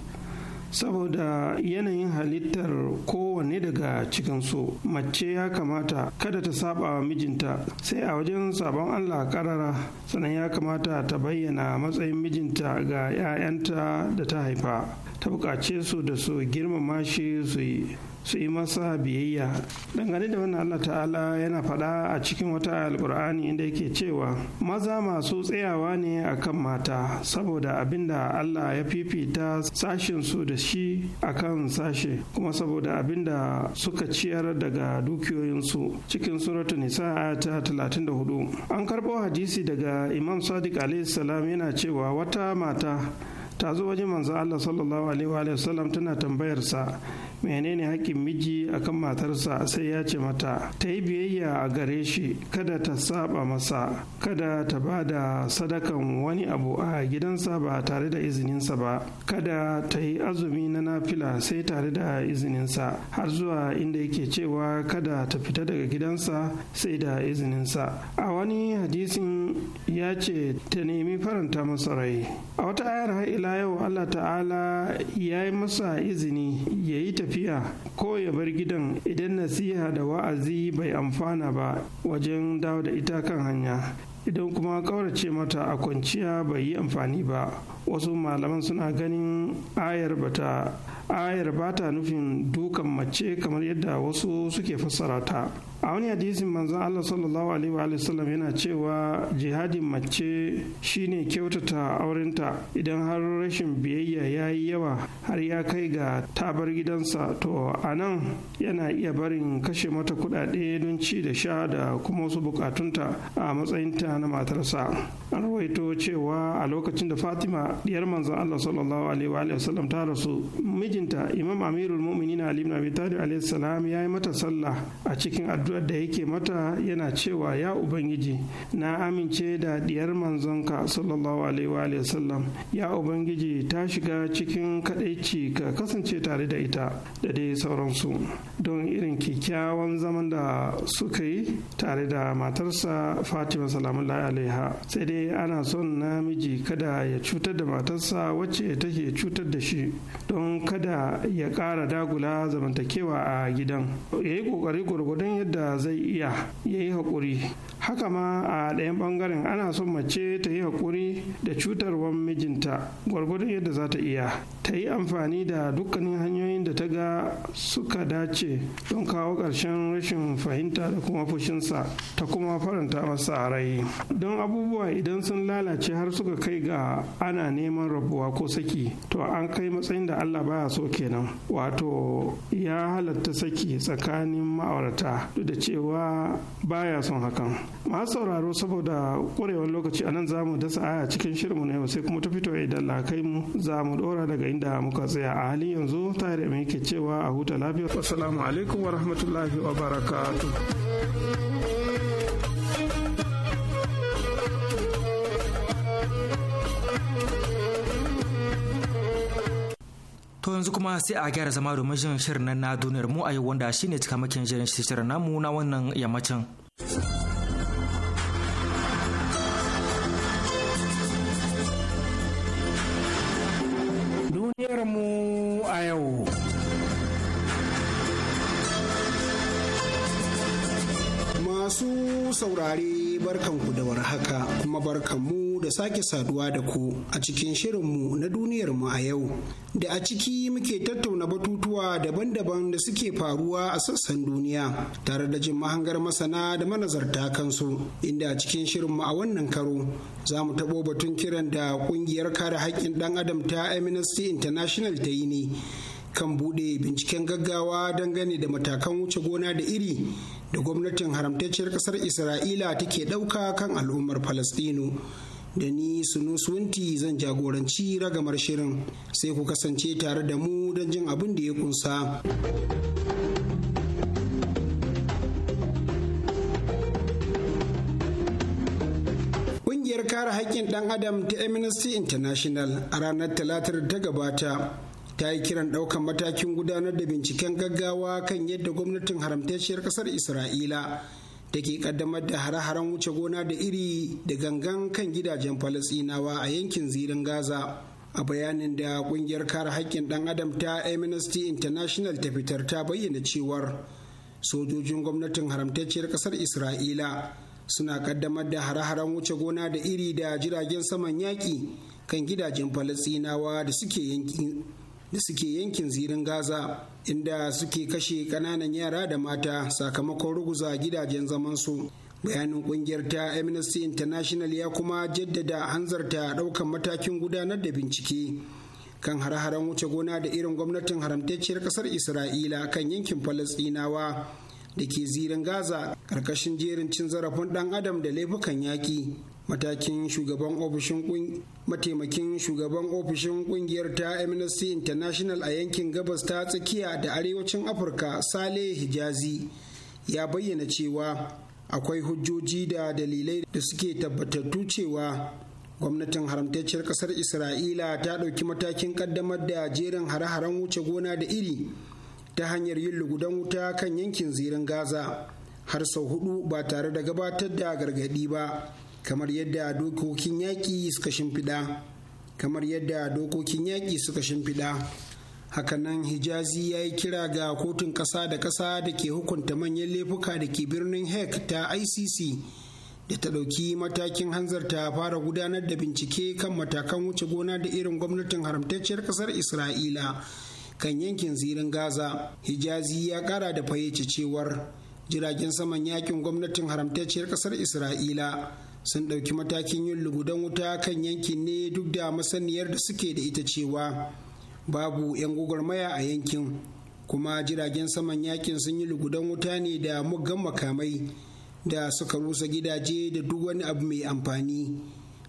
saboda yanayin halittar kowanne daga cikinsu mace ya kamata kada ta saba wa mijinta sai a wajen sabon allah karara sannan ya kamata ta bayyana matsayin mijinta ga 'ya'yanta da ta haifa ta bukace su da su girmama shi su yi su yi masa biyayya dangane da wannan Allah ta'ala yana faɗa a cikin wata alkur'ani inda yake cewa maza masu tsayawa ne akan mata saboda abinda Allah ya fifita sashen su da shi akan sashe kuma saboda abinda suka ciyar daga dukiyoyin su cikin suratu nisa ta 34 an karɓo hadisi daga imam sadiq alaihi salam yana cewa wata mata ta zo wajen manzo Allah sallallahu alaihi wa sallam tana tambayarsa menene haƙƙin miji akan matarsa sai ya ce mata ta yi biyayya a gare shi kada ta saba masa kada ta ba da sadakan wani abu a gidansa ba tare da izininsa ba kada ta yi azumi na nafila sai tare da izininsa har zuwa inda yake cewa kada ta fita daga gidansa sai da izininsa a wani hadisin ya ce ta nemi faranta masa rai a wata ayar har ila yau allah ta'ala ya yi masa izini ya yi tafiya ko ya bar gidan idan nasiha da wa'azi bai amfana ba wajen dawo da ita kan hanya idan kuma kaurace mata a kwanciya bai yi amfani ba wasu malaman suna ganin ayar bata ayar ba ta nufin dukan mace kamar yadda wasu suke fassara ta a wani hadisin manzon Allah sallallahu alaihi wa sallam yana cewa jihadin mace shine kyautata aurenta idan har rashin biyayya ya yi yawa har ya kai ga tabar gidansa to a nan yana iya barin kashe mata kudade don ci da sha da kuma wasu bukatunta a matsayinta na matarsa an rawaito cewa a lokacin da fatima diyar manzon Allah sallallahu alaihi wa sallam ta rasu mijinta imam amirul mu'minin ali ibn abi talib alayhi ya yi mata sallah a cikin addu'ar da yake mata yana cewa ya ubangiji na amince da diyar manzonka sallallahu alaihi wa sallam ya ubangiji ta shiga cikin kadaici ka kasance tare da ita da dai sauransu don irin kyakkyawan zaman da suka yi tare da matarsa fatima salamullahi alaiha sai dai ana son namiji kada ya cutar da matarsa wacce take cutar da shi don kada Da ya ƙara dagula zamantakewa a gidan ya yi ƙoƙari gwargwadon yadda zai iya ya yi haƙuri haka ma a ɗayan ɓangaren ana son mace ta yi haƙuri da cutarwar mijinta gwargwadon yadda za ta iya ta yi amfani da dukkanin hanyoyin da ta ga suka dace don kawo ƙarshen rashin fahimta da kuma fushinsa ta kuma faranta masa rai don abubuwa idan sun lalace har suka kai ga ana neman rabuwa ko saki to an kai matsayin da allah baya so kenan wato ya halatta saki tsakanin ma'aurata duk da cewa baya son hakan masu sauraro saboda ƙwarewar lokaci a nan zamu dasa aya cikin shirinmu na yau sai kuma ta fito idan lakai mu za mu ɗora daga inda muka tsaya a halin yanzu tare da ke cewa a huta lafiya assalamu alaikum wa rahmatullahi wa barakatuh To yanzu kuma sai a gyara zama domin jin shirin na duniyar mu a yau wanda shine cikamakin shirin shirin namu na wannan yammacin. Duniyar mu a yau. Masu saurari. barkanku da warhaka kuma mu da sake saduwa da ku a cikin shirin mu na duniyarmu a yau da a ciki muke tattauna batutuwa daban-daban da suke faruwa a sassan duniya tare da jin mahangar masana da manazarta kansu inda a cikin shirinmu a wannan karo za mu taɓo batun kiran da ƙungiyar kare haƙƙin ɗan adam ta amnesty international ta yi ne kan bude binciken gaggawa dangane da matakan wuce gona da iri da gwamnatin haramtacciyar kasar isra'ila take dauka kan al'ummar falastinu da ni sunusunti zan jagoranci ragamar shirin sai ku kasance tare da mu don jin abin da ya kunsa. Ƙungiyar kare haƙƙin ɗan adam ta Amnesty International a ranar talatar ta gabata ta yi kiran ɗaukan matakin gudanar da binciken gaggawa kan yadda gwamnatin haramtacciyar ƙasar isra'ila da ke ƙaddamar da hare-haren wuce gona da iri da gangan kan gidajen falasinawa a yankin zirin gaza a bayanin da ƙungiyar kare haƙƙin ɗan adam ta amnesty international ta fitar ta bayyana cewar sojojin gwamnatin haramtacciyar ƙasar isra'ila suna ƙaddamar da hare-haren wuce gona da iri da jiragen saman yaƙi kan gidajen falasinawa da suke yankin da suke yankin zirin Gaza inda suke kashe ƙananan yara da mata sakamakon ruguza gidajen zamansu. bayanin kungiyar ta amnesty international ya kuma jaddada hanzarta daukan matakin gudanar da bincike kan har haren wuce gona da irin gwamnatin haramtacciyar kasar isra'ila kan yankin falasdinawa da ke zirin gaza karkashin jerin cin zarafin dan adam da laifukan yaƙi matakin shugaban ofishin mataimakin shugaban ofishin kungiyar ta amnesty international a yankin gabas ta tsakiya da arewacin afirka saleh hijazi ya bayyana cewa akwai hujjoji da dalilai da suke tabbatattu cewa gwamnatin haramtacciyar kasar isra'ila ta ɗauki matakin ƙaddamar da jerin hare-haren wuce gona da iri ta hanyar yin lugudan wuta kan yankin zirin gaza har sau hudu ba tare da gabatar da gargaɗi ba kamar yadda dokokin yaƙi suka shimfiɗa kamar yadda dokokin yaƙi suka shimfiɗa hakanan hijazi ya yi kira ga kotun ƙasa da ƙasa da ke hukunta manyan laifuka da ke birnin hek ta icc da ta ɗauki matakin hanzarta fara gudanar da bincike kan matakan wuce gona da irin gwamnatin haramtacciyar ƙasar isra'ila kan yankin zirin gaza hijazi ya ƙara da fayyace cewar jiragen saman yakin gwamnatin haramtacciyar kasar isra'ila sun ɗauki matakin yin lugudan wuta kan yankin ne duk da masaniyar da suke da ita cewa babu 'yan gwagwarmaya a yankin kuma jiragen saman yakin sun yi lugudan wuta ne da muggan makamai da suka rusa gidaje da duk wani abu mai amfani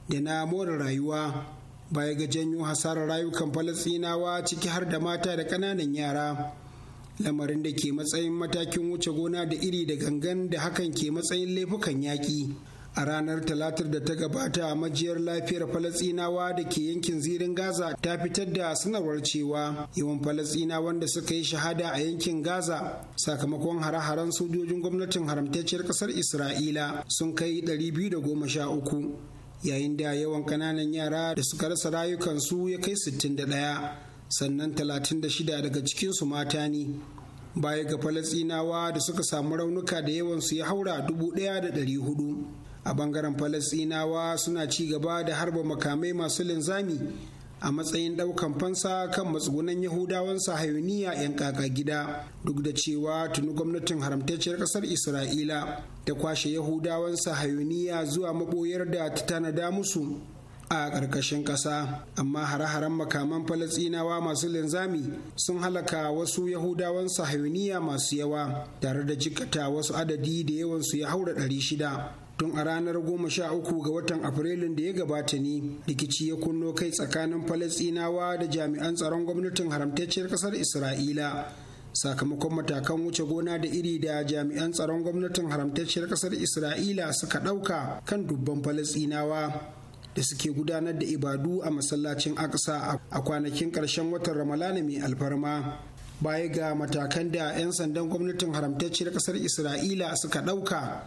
da na more rayuwa baya ga janyo hasarar rayukan falasinawa ciki har da mata da ƙananan yara lamarin da ke matsayin matakin wuce gona da iri da gangan da hakan ke matsayin laifukan yaƙi a ranar talatar da ta gabata a majiyar lafiyar falasinawa da ke yankin zirin gaza ta fitar da sanarwar cewa yawan Falasina wanda suka yi shahada a yankin gaza sakamakon hare-haren sojojin gwamnatin haramtacciyar ƙasar isra'ila sun kai 213 yayin da yawan ƙananan yara da suka rasa su ya kai 61 sannan 36 daga cikinsu mata ne baya ga falasinawa da suka samu raunuka da yawansu ya haura 1,400 a bangaren falasinawa suna ci gaba da harba makamai masu linzami a matsayin ɗaukan fansa kan matsugunan yahudawan sahayuniya 'yan kaka gida duk da cewa tuni gwamnatin haramtacciyar ƙasar isra'ila ta kwashe yahudawan sahayuniya zuwa maboyar da ta tanada musu a ƙarƙashin ƙasa amma hare-haren makaman falasinawa masu linzami sun halaka wasu yahudawan sahayuniya masu yawa tare da jikata wasu adadi da yawansu ya haura ɗari shida tun a ranar goma sha uku ga watan afrilun da ya gabata ne rikici ya kunno kai tsakanin falasinawa da jami'an tsaron gwamnatin haramtacciyar ƙasar isra'ila sakamakon matakan wuce gona da iri da jami'an tsaron gwamnatin haramtacciyar ƙasar isra'ila suka ɗauka kan dubban falasinawa da suke gudanar da ibadu a masallacin aksa a kwanakin ƙarshen watan ramalana mai alfarma baya ga matakan da 'yan sandan gwamnatin haramtacciyar ƙasar isra'ila suka ɗauka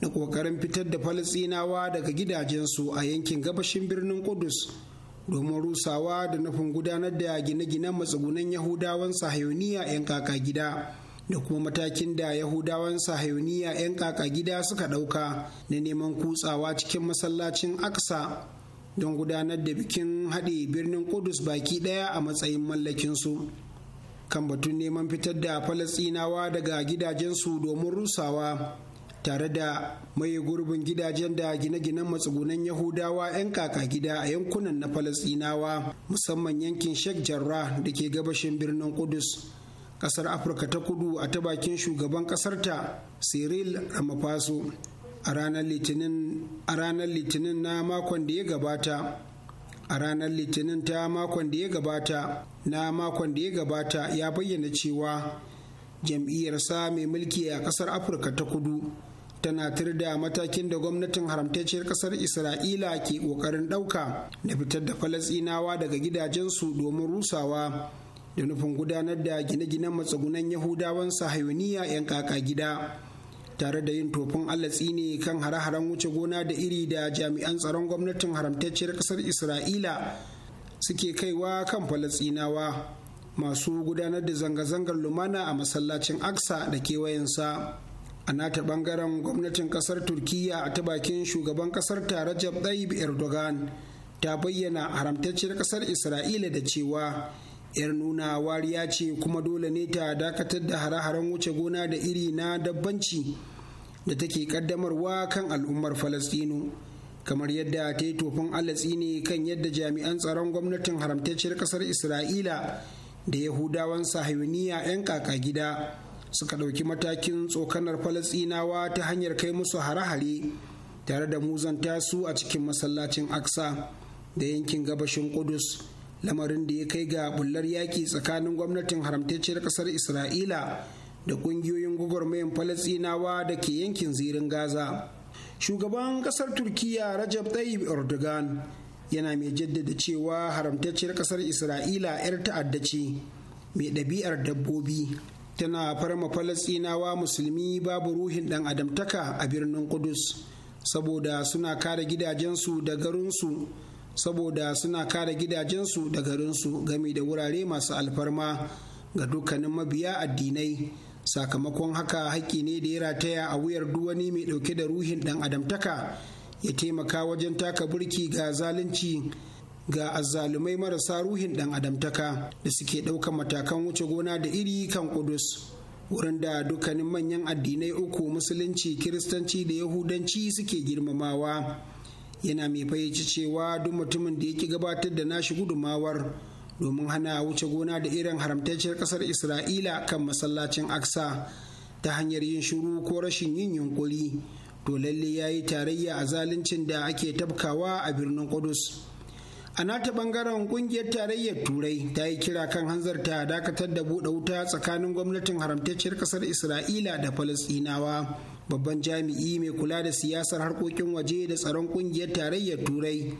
na ƙoƙarin fitar da falisinawa daga gidajensu a yankin gabashin birnin kudus domin rusawa da nufin gudanar da gine-ginen matsugunan yahudawan sahayoniya 'yan kaka gida da kuma matakin da yahudawan sahayuniya 'yan kaka gida suka ɗauka na neman kutsawa cikin masallacin aksa don gudanar da bikin haɗe birnin kudus baki ɗaya a matsayin mallakinsu kan batun neman fitar da falasinawa daga gidajensu domin rusawa tare da mai gurbin gidajen da gine-ginen matsugunan yahudawa 'yan kaka gida a yankunan na falasinawa musamman yankin sheikh jarrah da ke gabashin birnin kudus kasar afirka ta kudu a ta bakin shugaban kasarta cyril ramaphosa a ranar litinin na makon da ya gabata a ranar litinin ta makon da ya gabata na makon da ya gabata ya bayyana cewa jam'iyyarsa mai mulki a kasar afirka ta kudu tana da matakin da gwamnatin haramtacciyar kasar isra'ila ke kokarin ɗauka na fitar da falasinawa daga gidajensu domin rusawa da nufin gudanar da gine-ginen matsugunan yahudawan sahayoniya 'yan kaka gida tare da yin tofin allatsi ne kan hare-haren wuce gona da iri da jami'an tsaron gwamnatin haramtacciyar ƙasar isra'ila suke kaiwa kan falasinawa masu gudanar da zanga-zangar lumana a masallacin aksa da kewayensa a nata bangaren gwamnatin kasar turkiya a ta bakin shugaban kasar tare rajab erdogan ta bayyana haramtacciyar kasar isra'ila da cewa yar nuna wariya ce kuma dole ne ta dakatar da hare-haren wuce gona da iri na dabbanci da take kaddamarwa kan al'ummar falastinu kamar yadda ta yi tofin alatsi ne kan yadda jami'an tsaron gwamnatin haramtacciyar kasar isra'ila da yahudawan sahayuniya 'yan kaka gida suka ɗauki matakin tsokanar falastinawa ta hanyar kai musu hare-hare tare da muzanta su a cikin masallacin aksa da yankin gabashin kudus lamarin da ya kai ga bullar yaƙi tsakanin gwamnatin haramtacciyar ƙasar isra'ila da ƙungiyoyin gwagwarmayin falasinawa da ke yankin zirin gaza shugaban ƙasar turkiya rajab tayyip erdogan yana mai jaddada cewa haramtacciyar ƙasar isra'ila 'yar ta'adda ce mai ɗabi'ar dabbobi tana farma falasinawa musulmi babu ruhin ɗan adamtaka a birnin kudus saboda suna kare gidajensu da garinsu saboda suna kare gidajensu da garinsu game da wurare masu alfarma ga dukkanin mabiya addinai sakamakon haka haƙƙi ne da ya rataya a wuyar duwani mai ɗauke da ruhin ɗan adamtaka ya taimaka wajen taka burki ga zalunci ga azzalumai marasa ruhin ɗan adamtaka da suke ɗaukan matakan wuce gona da iri kan kudus wurin da dukkanin manyan addinai uku musulunci kiristanci da yahudanci suke girmamawa yana mai fayyace cewa duk mutumin da ya ki gabatar da nashi gudumawar domin hana wuce gona da irin haramtacciyar kasar isra'ila kan masallacin aksa ta hanyar yin shuru ko rashin yin yunkuri to lalle ya yi tarayya a zaluncin da ake tafkawa a birnin kudus a nata bangaren kungiyar tarayyar turai ta yi kira kan hanzarta dakatar da buɗe wuta tsakanin gwamnatin haramtacciyar kasar isra'ila da falasɗinawa babban jami'i mai kula da siyasar harkokin waje da tsaron kungiyar tarayyar turai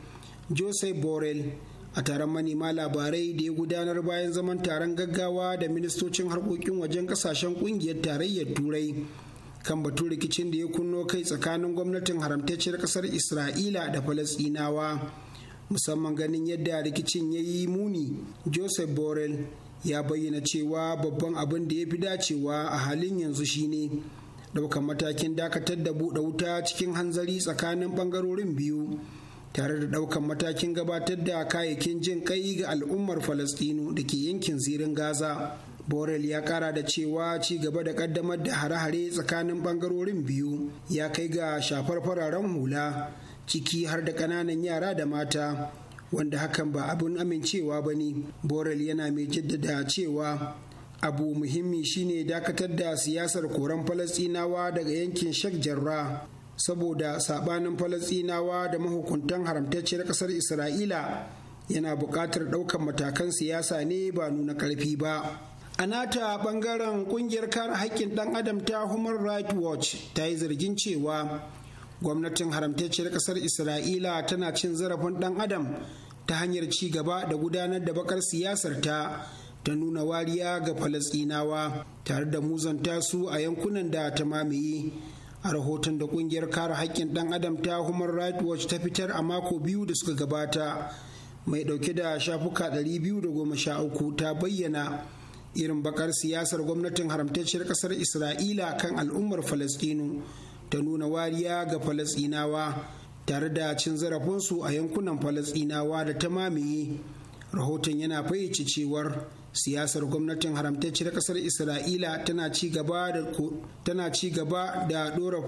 joseph borrell a taron manema labarai da ya gudanar bayan zaman taron gaggawa da ministocin harkokin wajen kasashen kungiyar tarayyar turai kan batun rikicin da ya kunno kai tsakanin gwamnatin haramtacciyar kasar isra'ila da falasinawa musamman ganin yadda rikicin ya yi muni joseph borrell ya bayyana cewa babban abin da ya fi dacewa a halin yanzu shine Daukan matakin dakatar da buɗe wuta cikin hanzari tsakanin ɓangarorin biyu tare da ɗaukan matakin gabatar da kayayyakin jin kai ga al'ummar falastinu da ke yankin zirin gaza borel ya ƙara da cewa ci gaba da ƙaddamar da hare-hare tsakanin ɓangarorin biyu ya kai ga shafar fararen hula ciki har da ƙananan yara da mata wanda hakan ba abin amincewa ba ne borel yana mai jaddada cewa abu muhimmi shine dakatar da siyasar koran falasinawa daga yankin sheikh Jarra saboda sabanin falasinawa da mahukuntan haramtacciyar kasar isra'ila yana buƙatar ɗaukar matakan siyasa ne ba nuna ƙarfi ba a nata ɓangaren ƙungiyar kare haƙƙin ɗan adam ta human rights watch ta yi zargin cewa gwamnatin haramtacciyar ƙasar isra'ila tana cin zarafin ɗan adam ta hanyar ci gaba da gudanar da bakar siyasar ta ta nuna wariya ga falasɗinawa tare da muzanta su a yankunan da ta mamaye a rahoton da kungiyar kare haƙƙin ɗan adam ta human rights watch ta fitar a mako biyu da suka gabata mai ɗauke da shafuka ɗari biyu da uku ta bayyana irin bakar siyasar gwamnatin haramtacciyar ƙasar isra'ila kan al'ummar falasɗinu ta nuna wariya ga falasɗinawa tare da cin zarafinsu a yankunan falasɗinawa da ta mamaye rahoton yana fayyace cewar siyasar gwamnatin haramtacciyar kasar isra'ila tana ci gaba da ɗora dora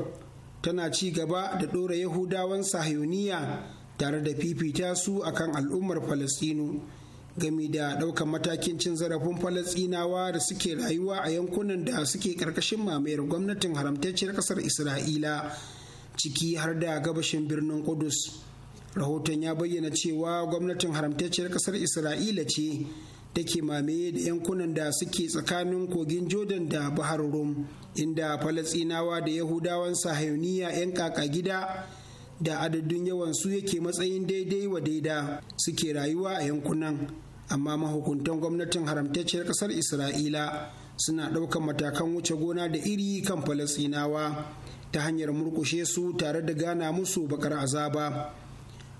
tana ci gaba da dora yahudawan sahiyoniya tare da fifita su akan al'ummar Falasinu. gami da ɗaukar matakin cin zarafin falastinawa da suke rayuwa a yankunan da suke ƙarƙashin mamayar gwamnatin haramtacciyar ƙasar isra'ila ciki har da gabashin birnin kudus rahoton ya bayyana cewa gwamnatin haramtacciyar ƙasar isra'ila ce da ke mamaye da yankunan da suke tsakanin kogin jordan da bahar rum inda falasinawa da yahudawan sahayoniya 'yan kaka gida da adadin yawan su yake matsayin daidai wa daida suke rayuwa a yankunan amma mahukuntan gwamnatin haramtacciyar kasar isra'ila suna ɗaukar matakan wuce gona da iri kan falasinawa ta hanyar murkushe su tare da gana musu bakar azaba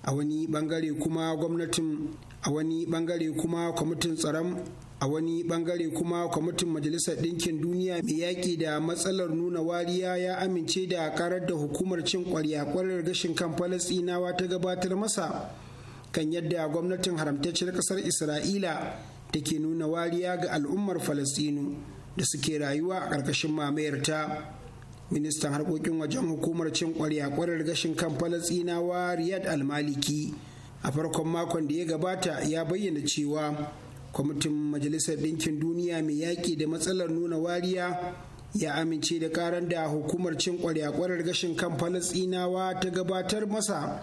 a wani bangare kuma gwamnatin a wani bangare kuma kwamitin tsaron a wani bangare kuma kwamitin majalisar ɗinkin duniya mai yaƙi da matsalar nuna wariya ya amince da karar da hukumar cin kwarya-kwarar gashin kan falasɗinawa ta gabatar masa kan yadda gwamnatin haramtacciyar ƙasar isra'ila da ke nuna wariya ga al'ummar falasɗinu da suke rayuwa a ƙarƙashin mamayarta ministan harkokin wajen hukumar cin kwarya-kwarar gashin kan falasɗinawa riyad almaliki a farkon makon da ya gabata ya bayyana cewa kwamitin majalisar ɗinkin duniya mai yaƙi da matsalar nuna wariya ya amince da karan da hukumar cin kwaryakwarar gashin kan Falasinawa ta gabatar masa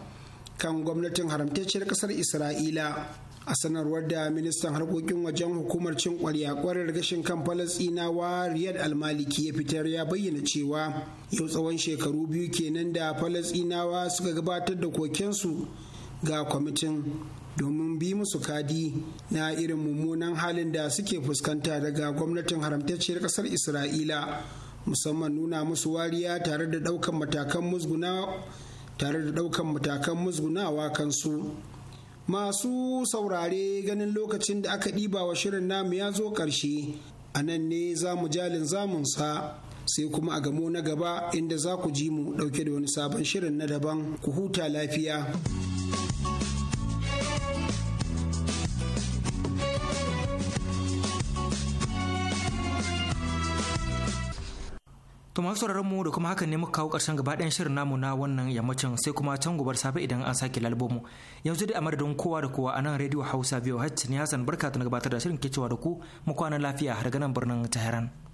kan gwamnatin haramtacciyar ƙasar isra'ila a sanarwar da ministan harkokin wajen hukumar cin kwaryakwarar gashin kan Falasinawa, riyad almaliki ya fitar ya bayyana cewa yau tsawon shekaru biyu kenan da Falasinawa suka gabatar da kokensu ga kwamitin domin bi musu kadi na irin mummunan halin da suke fuskanta daga gwamnatin haramtacciyar kasar isra'ila musamman nuna musu wariya tare da daukan matakan musguna tare da daukan matakan musgunawa kansu masu saurare ganin lokacin da aka ɗiba wa shirin namu ya zo ƙarshe a nan ne za mu jalin zamunsa sai kuma a gamo na gaba inda za ku ji mu ɗauke da wani sabon shirin na daban ku huta lafiya. To masu sauraron mu da kuma hakan ne muka kawo ƙarshen gaba ɗayan shirin namu na wannan yammacin sai kuma can gobar safe idan an sake mu Yanzu dai a madadin kowa da kowa a nan rediyo Hausa biyu Hajji ne Hassan barka ta gabatar da shirin cewa da ku mu kwana lafiya daga nan birnin Tehran.